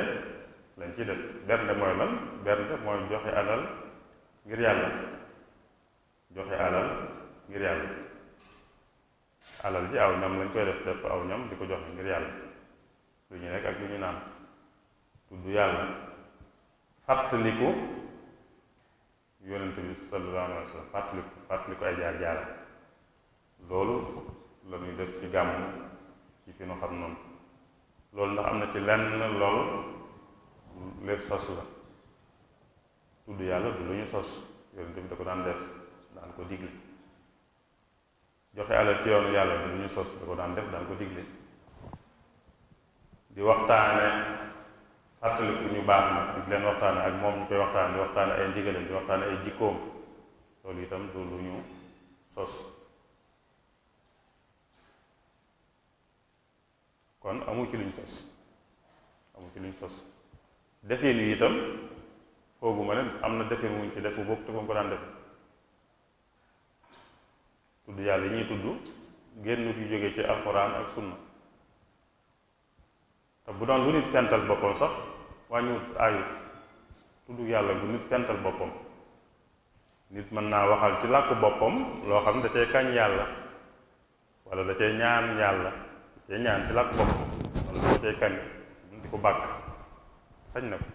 lañ ciy def bernde mooy lan bernde mooy joxe alal ngir yàlla joxe alal ngir yàlla alal ji aw ñam lañ koy def def aw ñam di ko joxe ngir yàlla lu ñu nekk ak lu ñu naan tudd yàlla fàttaliku yonent bi sallallahu alayhi wa sallam fàttaliku fàttaliku ay jaar jaaram loolu la ñuy def ci gàmm ci fi nu xam noonu loolu ndax am na ci lenn lool léef sos la tudd yàlla du lu ñu sos yonent bi da ko daan def daan ko digle joxe alal ci yoonu yàlla du lu ñu sos da ko daan def daan ko digle di waxtaane fàttaliku ñu baax na di leen waxtaane ak moom ñu koy waxtaane di waxtaane ay ndigalam di waxtaane ay jikkoom loolu itam du lu ñu sos kon amu ci luñ sos amu ci luñ sos defeen yi itam fooguma ne am na defeen wuñ ci def bopp bokk te moom ko daan defe tudd yàlla yi ñuy tudd génnut yu jóge ci alxuraan ak sunna te bu doon lu nit fental boppam sax wàññiwut ayut tudd yàlla bu nit fental boppam nit mën naa waxal ci làkku boppam loo xam da cay kañ yàlla wala da cay ñaan yàlla te ñaan ci lak bopp wala boo cay kañ di ko bàkk sañ na ko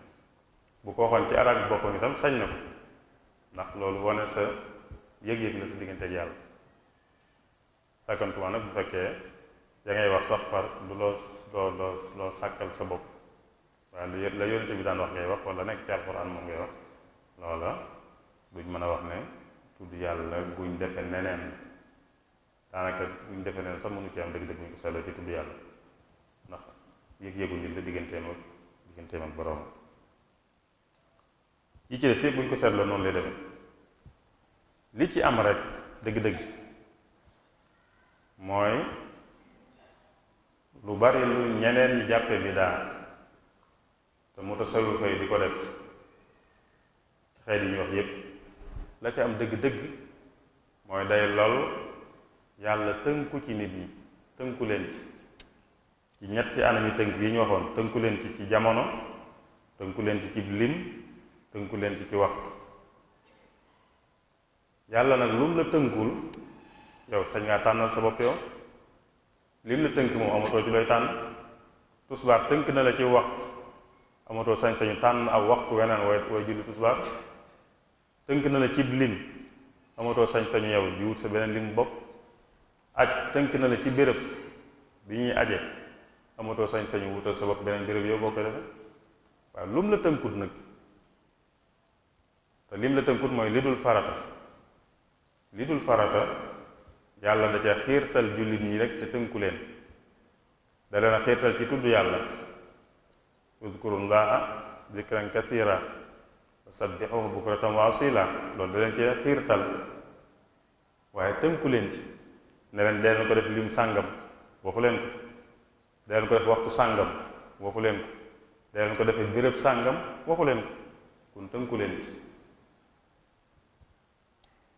bu ko waxoon ci arab bi boppam itam sañ na ko ndax loolu wane sa yëg-yëg la sa diggante ak yàlla sàkkantuma nag bu fekkee da ngay wax sax far du loo loo loo loo sàkkal sa bopp waaye lu la yonente bi daan wax ngay wax wala nekk ci alxuraan moom ngay wax loola duñ mën a wax ne tudd yàlla guñ defe kan, neneen daanaka buñ defee neen sax mënu ci am dëgg-dëgg ñu ko seetloo ci tudd yàlla ndax yëg-yëgu nit la digganteem ak digganteem yi ci des yëpp buñ ko seetloo noonu lay demee li ci am rek dëgg-dëgg mooy lu bari lu ñeneen ñi jàppe bi daa te mu tasawuf yi di ko def ci xeet ñu wax yépp la ci am dëgg-dëgg mooy day lool yàlla tënku ci nit ñi tënku leen ci ñetti anam yi tënk yi ñu waxoon tënku leen ci ci jamono tënku leen ci ci lim tënku leen ci ci waxtu yàlla nag lu la tënkul yow sañ ngaa tànnal sa bopp lim la tënk moom amatoo ci looy tànn tusbaar tënk na la ci waxtu amatoo sañ-sañu tànn aw waxtu weneen way way julli tusbaar tënk na la cib lim amatoo sañ-sañu yow di wut sa beneen limu bopp aj tënk na la ci béréb bi ñuy aje amatoo sañ-sañu wutal sa beneen béréb yow boo ko defee lum la tënkut nag te lim la tënkut mooy li dul farata li dul farata yàlla da ca xiirtal jullit ñi rek te tënku leen da leen a xiirtal ci tudd yàlla udkurullaha dikran kasira wasabbixuhu bukratan wa asila loolu da leen cee xiirtal waaye tënku leen ci ne leen dee leen ko def sàngam waxu leen ko ko def sàngam waxu leen ko dee ko defee béréb sàngam waxu leen kon tënku leen ci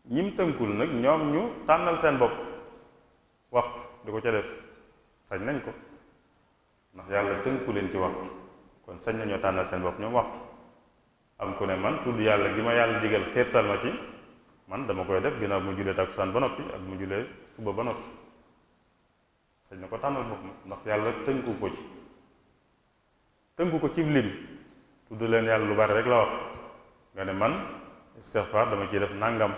ñim tënkul nag ñoom ñu tànnal seen bopp waxtu di ko ca sañ nañ ko ndax yàlla tënku leen ci waxtu kon sañ nañoo tànnal seen bopp ñoom waxtu am ku ne man tudd yàlla gi ma yàlla digal xiirtal ma ci man dama koy def ginnaaw mu julee takkusaan ba noppi ak mu julee suba ba noppi sañ na ko tànnal ma ndax yàlla tënku ko ci tënku ko ci lim tudd leen yàlla lu bari rek la wax nga ne man istighfar dama ciy def nàngam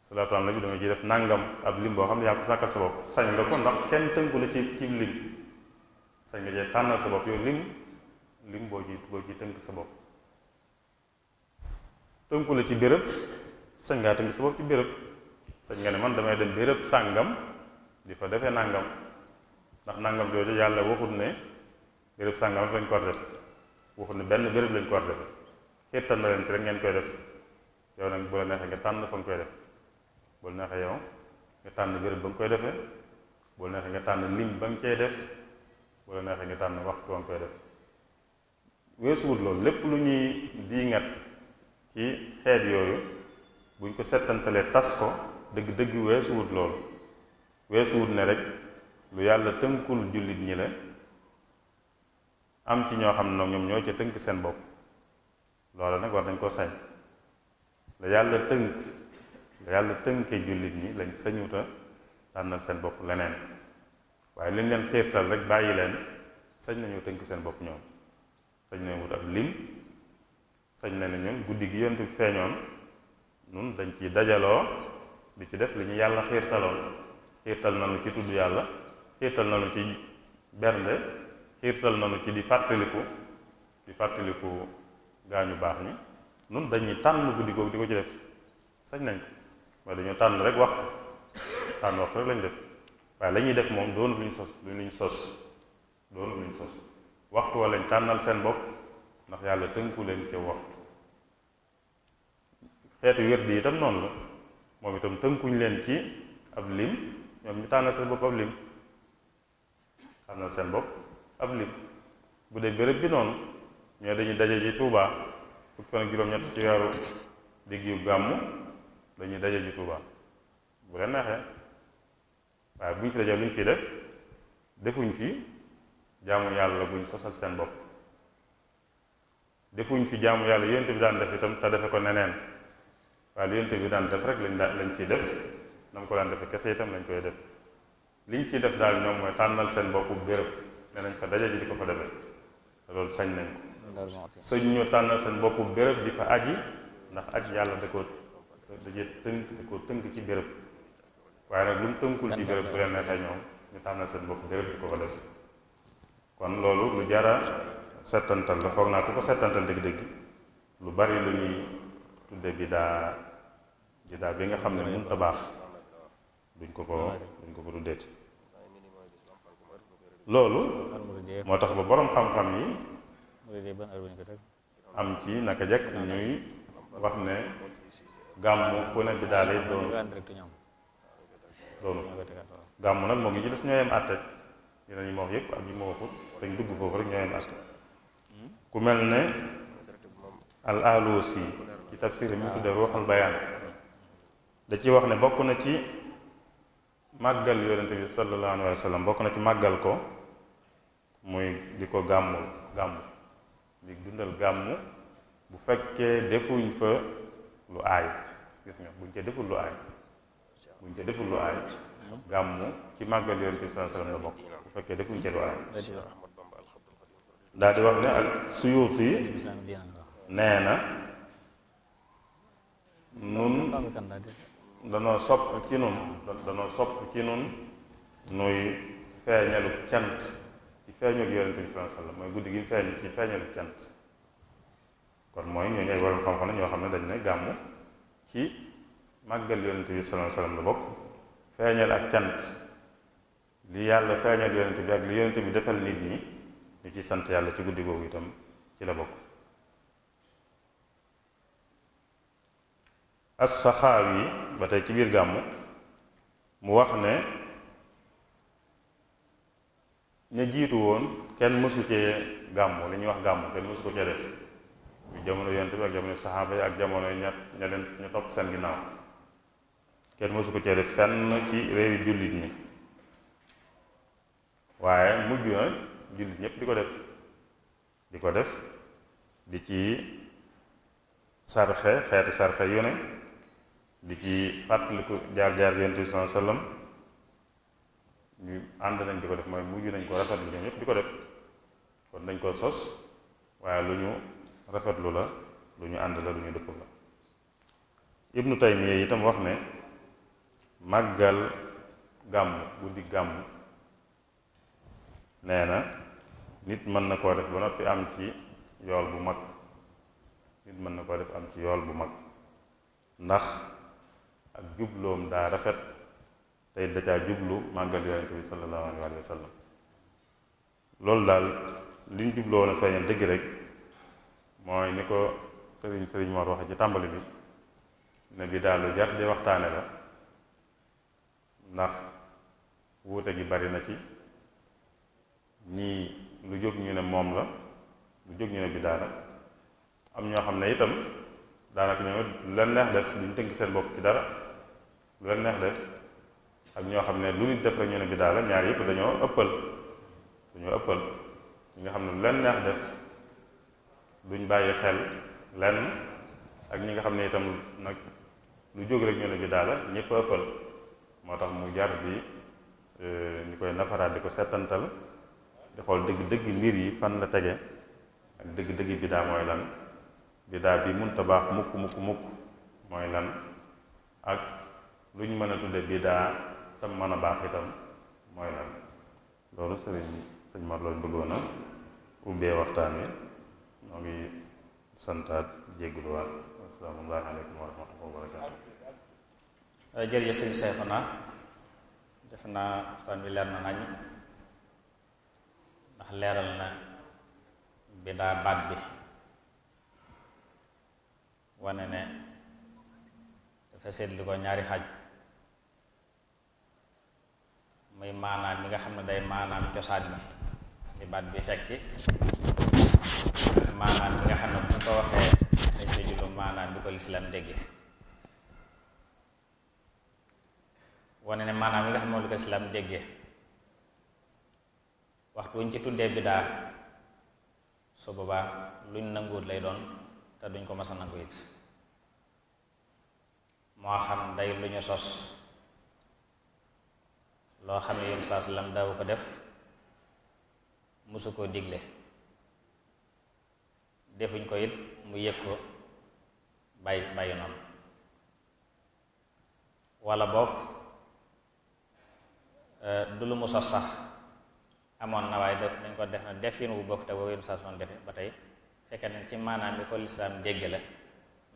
salaatu ala nabi dama ciy def nàngam ab lim boo xam ne yaa ko sàkkal sa bopp sañ nga ko ndax kenn tënku la ci ci lim sañ nga cee tànnal sa bopp yow lim lim boo ci boo ci tënk sa bopp tënku la ci béréb sañ ngaa tënk sa bopp ci béréb sañ nga ne man damay dem béréb sàngam di fa defee nàngam ndax nàngam jooju yàlla waxut ne béréb sàngam lañ ko war waxut ne benn béréb lañ ko war def na leen ci rek ngeen koy def yow nag bu la neexee nga tànn fa nga koy def bu neexee yow nga tànn béréb ba nga koy defee bu nga tànn lim ba nga cay def bu la neexee nga tànn waxtu ba nga koy def weesuwut loolu lépp lu ñuy diingat ci xeet yooyu buñ ko settantalee tas ko dëgg-dëgg weesuwut loolu weesuwut ne rek lu yàlla tënkul jullit ñi la am ci ñoo xam ne ñoom ñoo ca tënk seen bopp loola nag war nañ koo sañ la yàlla tënk la yàlla tënkee jullit ñi lañ sañuta tànnal seen bopp leneen waaye liñ leen xiirtal rek bàyyi leen sañ nañoo tënk seen bopp ñoom sañ nañu wut ab lim sañ na ne ñun guddi gi yonent bi feeñoon nun dañ ci dajaloo di ci def li ñu yàlla xiirtaloon xiirtal nanu ci tudd yàlla xiirtal nanu ci bernde xiirtal nanu ci di fàttaliku di fàttaliku gaañu baax ñi nun dañuy tànn guddi googu di ko ci def sañ nañ ko waaye dañu tànn rek waxtu tànn waxtu rek lañ def waaye la ñuy def moom doonu luñ sos luñ sos doonu luñ sos waxtu wa lañ tànnal seen bopp ndax yàlla tënku leen ca waxtu xeetu wér di itam noonu la moom itam tënkuñ leen ci ab lim ñoom ñu tànnal seen bopp ab lim tànnal seen bopp ab lim bu dee bërëb bi noonu ñoo dañuy daje ji Touba fukki fan juróom-ñett ci weeru digg yu gàmm dañuy daja ji Touba bu leen neexee waaye bu ñu fi dajee lu ñu fiy def defuñ fi jaamu yàlla guñ sosal seen bopp defuñ fi jàmm yàlla yonent bi daan def itam te defe ko neneen waaye lu yonent bi daan def rek lañ daan lañ ciy def na mu ko daan defe kese itam lañ koy def liñ ciy def daal ñoom mooy tànnal seen boppu gërëb ne nañ fa daje ji di ko fa defee loolu sañ nañ ko sañ ñu tànnal seen boppu béréb di fa aji ndax aji yàlla da koo daje tënk da koo tënk ci béréb waaye nag lu mu tënkul ci gërëb bu leen neexee ñoom ñu tànnal seen bopp béréb di ko ko def kon loolu lu jara setantal da foog naa ku ko setantal dëgg-dëgg lu bari lu ñuy tudde biddaa da bi nga xamne ne ta bax baax duñ ko ko duñ ko ko dudet lolu motax ba borom xam-xam yi am ci naka jek ñuy wax ne gamu ko ne biddaa lay do do gamu nak mo ngi ci des ñoo yem àtte yeneen yi ak yi mo waxut dañ dugg fofu rek ñoyam atte ku mel ne al alusi ci tafsir mi tudde ruuxul bayaan da ci wax ne bokk na ci màggal yonente bi sallallahu alayhi wa sallam bokk na ci màggal ko muy di ko gàmmul gàmm di dundal gàmm bu fekkee defuñ fa lu aay gis nga buñ ca deful lu aay buñ ca deful lu aay gàmm ci màggal yonente bi la bokk bu fekkee defuñ ca lu aay daal di wax ne ak suyuut yi nee na nun danoo sopp ci nun danoo sopp ci nun nuy feeñalu cant ci feeñul yonente bi sallallahu alayhi wasallam mooy guddi gi mu feeñ ci feeñalu cant kon mooy ñooñu ay waral xam-xam ne ñoo xam ne dañ ne gàmmu ci màggal yonente bi sallallahu alayhi wasallam la bokk feeñal ak cant li yàlla feeñal yonente bi ak li yonente bi defal nit ñi ni ci sante yalla ci guddigo itam ci la bok as sahawi batay ci bir gàmmu mu wax ne ne jitu won ken musu ci gàmmu li ñu wax gàmmu nyat musu ko ci def bi jamono yent bi ak jamono sahaba ak jamono ñat ñalen ñu top sen ginaaw ken musu ko ci def fenn ci rewi julit ni waye mujju na jullit ñëpp di ko def di ko def di ci sarxe xeeti sarxe yu di ci fàttaliku jaar-jaar yonent bi sallallahu alayhi wasallam ñu ànd nañ di ko def mooy mujj nañ ko rafetlu ñoom ñëpp di ko def kon dañ ko sos waaye lu ñu rafetlu la lu ñu ànd la lu ñu dëpp la ibnu taymiya itam wax ne màggal gàmm guddi gàmm nee na nit mën na koo def ba noppi am ci yool bu mag nit mën na koo def am ci yool bu mag ndax ak jubloom daa rafet tey da caa jublu màggal yonente bi sallallahu alayhi loolu daal liñ jubloo na feeñal dëgg rek mooy ni ko sëriñ sëriñ Mor waxe ci tàmbali bi ne bi daal lu jar di waxtaane la ndax wuute gi bari na ci ñii lu jóg ñu ne moom la lu jóg ñu ne biddaa la am ñoo xam ne itam daanaka ñoom lu leen neex def duñ tënk seen bopp ci dara lu leen neex def ak ñoo xam ne lu def rek ñu ne ñaar yëpp dañoo ëppal dañoo ëppal ñi xam ne lu leen neex def ñu bàyyi xel lenn ak ñi nga xam ne itam nag lu jóg rek ñu ne biddaa la ñëpp ëppal moo tax mu jar bi euh, ñu koy nafaraat di ko settantal di xool dëgg-dëgg mbir yi fan la tege ak dëgg-dëgg bidaa mooy lan bidaa bi munta baax mukk mukk mukk mooy lan ak lu ñu mën a tudde bidaa tam mën a baax itam mooy lan loolu sëriñ sëñ Mor loolu bëggoon ubbee waxtaan wi noo ngi santaat jéggluwaat asalaamaaleykum wa rahmatulah wa barakaatu jërëjëf sëñ Seexuna def naa waxtaan wi leer na nañ leeral na bidaa baat bi wane ne dafa seetlu ko ñaari xaaj muy maanaam mi nga xam ne day maanaam cosaan mi li baat bi tekki maanaam bi nga xam ne bu ko waxee dañ ci jullu maanaam bi ko lislaam dégge wane ne maanaam mi nga xam ne lu ko lislaam dégge wax buñ ci tuddé bida so baba luñ nangoot lay doon ta duñ ko massa a nangu xam day lu sos lo xamé ne sa sallam ko def musuko diglé defuñ ko yit mu yëg ko bàyyi wala bok eh, du lu amoon na waaye def dañ ko def na defin yin wu bokk te boobu yén saa son defe ba tey fekkee nañ ci maanaam bi ko lislaam dégg la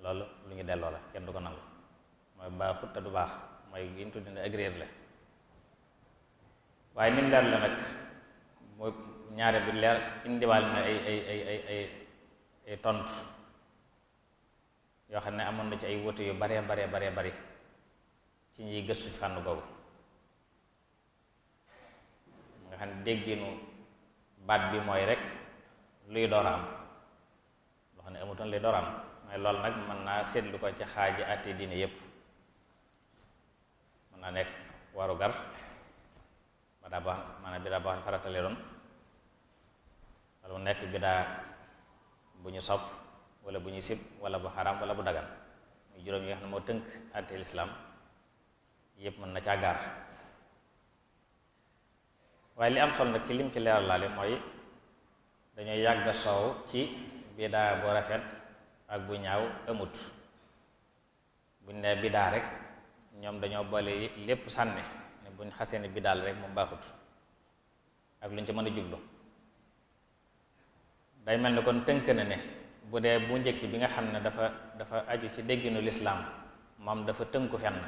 loolu lu ñu delloo la kenn du ko nangu mooy baaxut te du baax mooy yi ñu tudd ak réer la waaye ni mu leer la nag mooy ñaare bi leer indiwaal na ay ay ay tontu yoo xam ne amoon na ci ay wóote yu baree baree baree bari ci ñiy gëstu ci fànn googu nga xam ne dégginu baat bi mooy rek luy door am loo xam ne amutoon luy door am mooy loolu nag mën naa seetlu ko ci xaaji àtte diine yépp mën naa nekk gar ba daa baax maanaam bi daa baax farata lay doon wala mu nekk bi daa bu ñu sopp wala bu ñu sib wala bu xaram wala bu dagan muy juróom yi nga xam ne moo tënk àtte lislaam yépp mën na càggaar waaye li am solo nag ci lim ci leer laale mooy dañoo yàgg soow ci bidaa bu rafet ak bu ñaaw amut buñ ne bidaa rek ñoom dañoo boole lépp sànni ne buñ xasee ne bidaal rek mu baaxut ak luñ ci mën a jublu day mel ni kon tënk na ne bu dee bu njëkk bi nga xam ne dafa dafa aju ci dégginu lislaam moom dafa tënku fenn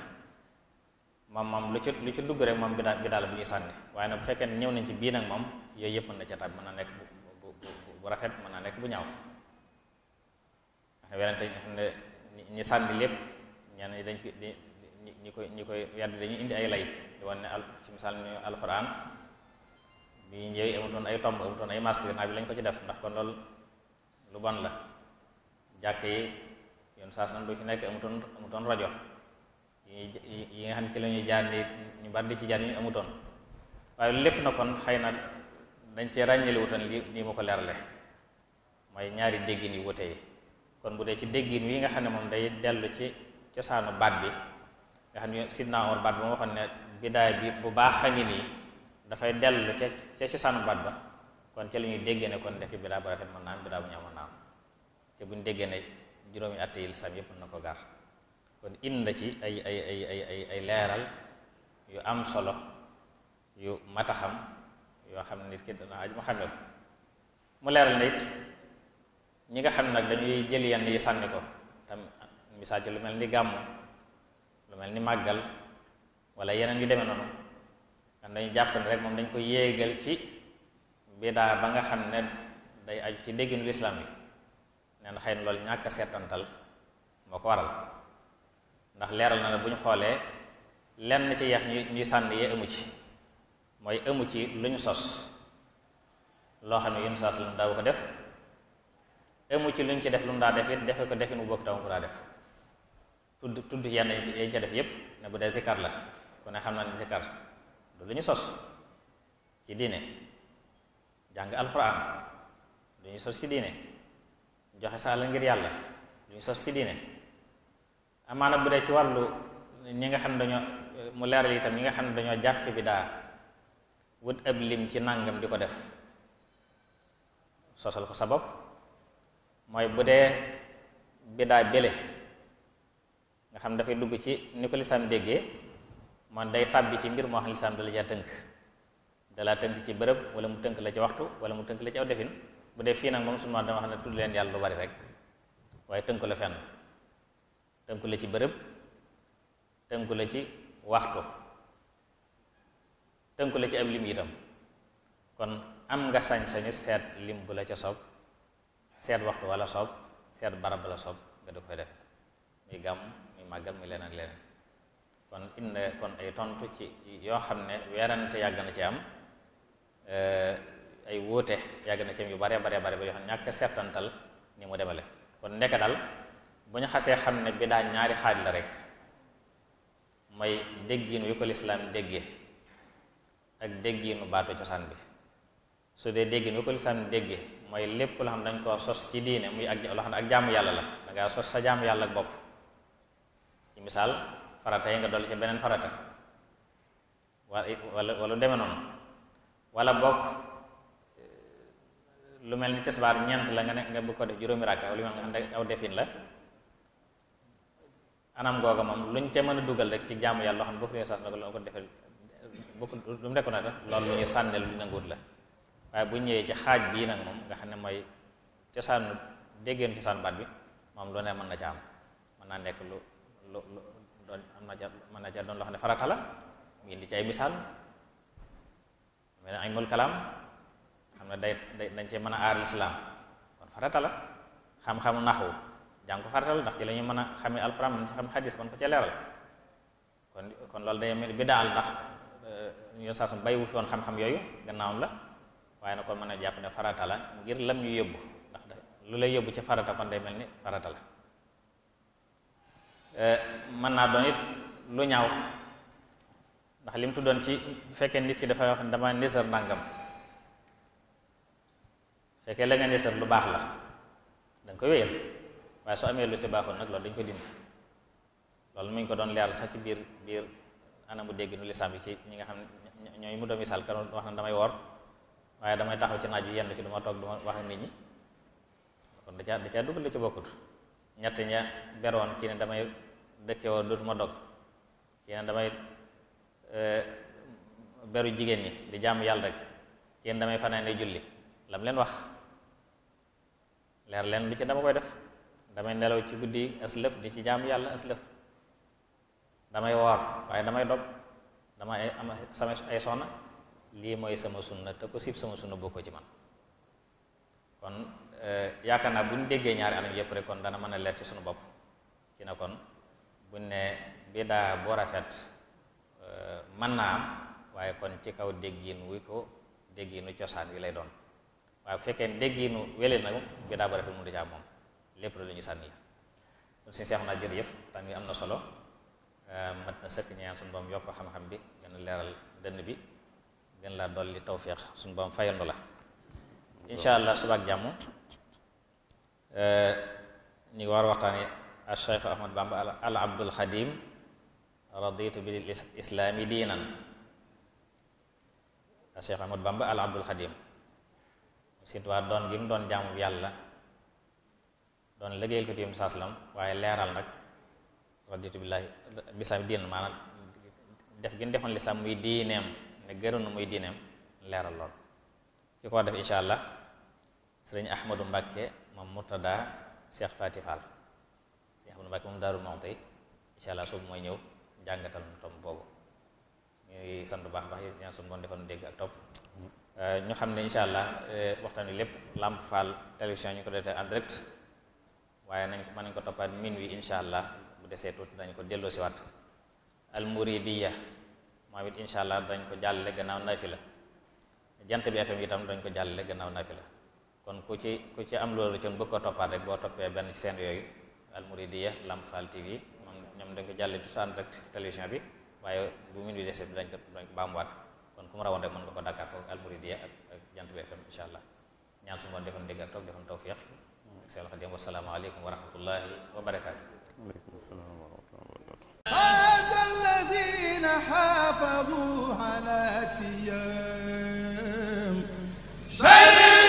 mam mam lu ci lu ci dugg rek mam bi dal bi daal bu waye sànni waaye nag bu fekkee ñëw nañ ci bi nak mam yoy yep na ci tab man na nek bu bu rafet man na nek bu ñaaw werante tay ñu xamne ñi sanni lepp ñenn dañ ci ñi koy ñi koy wedd dañu indi ay lay di wonne al ci misal ñu alquran bi ñëwee amutoon ay tomb amutoon ay masque gannaaw bi lañ ko ci def ndax kon lol lu ban la jakkay yon yoon saa san bu fi nekk amutoon amutoon radio yi nga xam ci lañu jandi ñu bandi ci jandi ñu amutoon waaye lépp na kon xeyna dañ ci ràññale wutan li ni mako leralé may ñaari deggin yi wute kon bu dé ci deggin wi nga xam mom day delu ci cosaanu baat bi nga xam sidna Omar baat bu mo waxoon ne bidaay bi bu baax xani ni da fay delu ci ci cosaanu baat ba kon ci lañu ñuy déggee kon ndekk bi la rafet man naa bi da bu ñama naam naa am te bu ñu déggee ne yépp nako ko gar kon inda ci ay ay ay ay ay leral, yu am solo yu mata xam yo xam nit ki dana aj mu xame ko mu leral nit ñi nga xam nak dañuy jël yenn yi sanni ko tam misaal lu melni gam lu melni magal wala yenen yu demee noonu xam dañuy japp rek mom dañ ko yéegal ci beda ba nga xam ne day aju ci dégginu lislaam yi nee na xëy na loolu waral ndax leeral na ne bu ñu xoolee lenn ci yax ñu ñuy sànni yee amu ci mooy ëmu ci lu ñu sos loo xam ne yéen saa sallam ko def amu ci lu ci def lu mu daa def it defe ko defin bu bokk taw ko daa def tudd tudd yenn yi ca def yépp ne bu dee kar la ku ne xam naa ne zikar du lu ñu sos ci diine jàng alxuraan lu ñu sos ci diine joxe sa àll ngir yàlla lu ñu sos ci diine Amana bu de ci walu ñi nga xam dañu dañoo mu leeral itam ñi nga xam dañu dañoo bi da wut ab ci nangam di def sosal ko sabab moy bu dee bida bele nga xam dafay dugg ci ni ko lislaam déggee man day tabbi ci mbir mo xam lissam dala ja teunk dala teunk ci bërëb wala mu teunk la ci waxtu wala mu teunk la ci aw defin bu de fi nak moom sunu dama xam na tuddu len yalla lu bari rek waye teunk la fenn tënku la ci bërëb tënku la ci waxtu la ci am lim itam kon am nga sañ sañ set lim bu la sehat sop set waxtu wala sop set barab la sop nga da koy def gam gàmm magal mi len ak len kon inna kon ay tontu ci yo xamne ne yag na ci am eh, ay wote yag na ci am yu bare bare bare ba yoo xam ne ni mu demale kon ndeke dal banyak xasse xamne bi da nyari ñaari xaal la rek may deggine yu ko l'islam déggee ak déggiinu baatu cosaan bi su de deggine yu ko l'islam déggee may lepp loo xam dañ ko sos ci diine muy ak Allah ak jaamu yalla la nga sos sa jaamu yalla ak bop ci misal farata nga dolli ci benen farata wala wala deme non wala bok lu melni tesbar ñent la nga nga bu ko def rakka nga def defin la anam goga mom luñ ci mëna duggal dugal rek ci jaamu yalla xam ne bokk sax nak la ko defal bokk lu nekk na lool lu ñu sanel lu nangul la waaye bu ñëwé ci xaj bi nak mom nga moy ci mooy cosaanu ci san baat bi mom lu ne mëna ci am mëna nekk lu lu lu doon am na ca mëna na doon lo xamne farata la mu indi ci ay misaal mel ne ilmul kalaam xam day dañ ci mëna a aar lislaam kon farata la xam-xamu naxwu jang ko faral ndax ci lañu mëna xamé alquran xamee ci xam hadith man ko ci leral kon kon lol day mel bi daal ndax euh ñu sum bàyyiwu fi woon xam-xam yoyu gannaawum la waye na ko mëna japp jàpp ne farata la ngir lam ñu yobbu ndax lu lay yobbu ci farata kon day melni ni farata la euh, man na do nit lu ñaaw ndax lim tuddoon ci fekke nit ki dafa wax dama nisar nangam fekke la nga lu bax la dang ko weyel waaye soo amee lu ca baaxoon nag loolu dañ ko dindi loolu mu ngi ko doon leeral sax ci biir biir anamu dégg nu lislaam bi ci ñi nga xam ne ñooy mu doon misaal kan wax na damay woor waaye damay taxaw ci naaj yu yenn ci duma toog duma wax ak nit ñi kon da caa da caa dugg ci bokkut ñett ña beroon kii ne damay dëkke woon dootuma dog kii ne damay beru jigéen ñi di jàmm yàlla rek kii ne damay fanaane julli lam leen wax leer leen lu ci dama koy def damay nelaw ci guddi aslëf di ci jaam yàlla aslëf damay woor waaye damay dog dama am sama ay soxna lii mooy sama sunna te ko siib sama sunna boo ci man kon eh, yaakaar naa bu ñu déggee ñaari anam yëpp rek kon dana mën a leer ci suñu bopp ci na kon buñ ne bidaa bu rafet eh, mën naa am waaye kon ci kaw déggiin wi ko déggiinu cosaan wi lay doon waaye bu fekkee déggiinu wele nag mu moom lépp la lu ñu sànni kon suñu seex naa jërëjëf tam yi am na solo euh, mat na sëkk ñaan suñu boom yokk xam-xam bi gën a leeral dënn bi gën laa dolli tawféex suñu boom fayandu la incha allah suba ak jàmm euh, ñu war a waxtaani al Cheikh Ahmad Bamba al Abdul Xadim raditu bil islaami diinan al Cheikh Ahmad Bamba al Abdul Xadim sit waa doon gi mu doon jaamu yàlla doon liggéeyal ko ci yom saa waaye leeral nag raditu billahi bisaam diin maanaam def gën defoon lislaam muy diineem ne gërunu muy diineem leeral lool ki ko def incha allah sëriñ ahmadu mbàkke moom murtada cheikh fati fall sëriñ ahmadu mbàkke moom daaru monte incha allah suubu mooy ñëw jàngatal na tomb boobu ñuy sant baax baax yi ñaan suñu boon dégg ak topp ñu xam ne incha allah eh, waxtaan wi lépp Lamp Fall télévision ñu ko defee en waye nañ ko mën ko toppaat min wi inshallah allah bu dese tout dañ ko ci wat al Muridiyah ma it allah dañ ko jàllale gannaaw nafila jant bi FM itam dañ ko jàllale gannaaw nafila kon ku ci ku ci am lolu ci bëgg ko toppaat rek bo topé ben sen seen al Muridiyah lam fal TV ñom dañ ko jàllale tout en direct ci télévision bi waye bu min wi dese dañ ko dañ ko wat kon kuma rawon rek man nga ko dakkaat foofu al Muridiyah ak jant bi FM inshallah allah ñaan su ngon defoon dégg ak toog tawfiq سألك اليوم والسلام عليكم ورحمة الله وبركاته عليكم السلام ورحمة الله هذا الذين حافظوا على سيام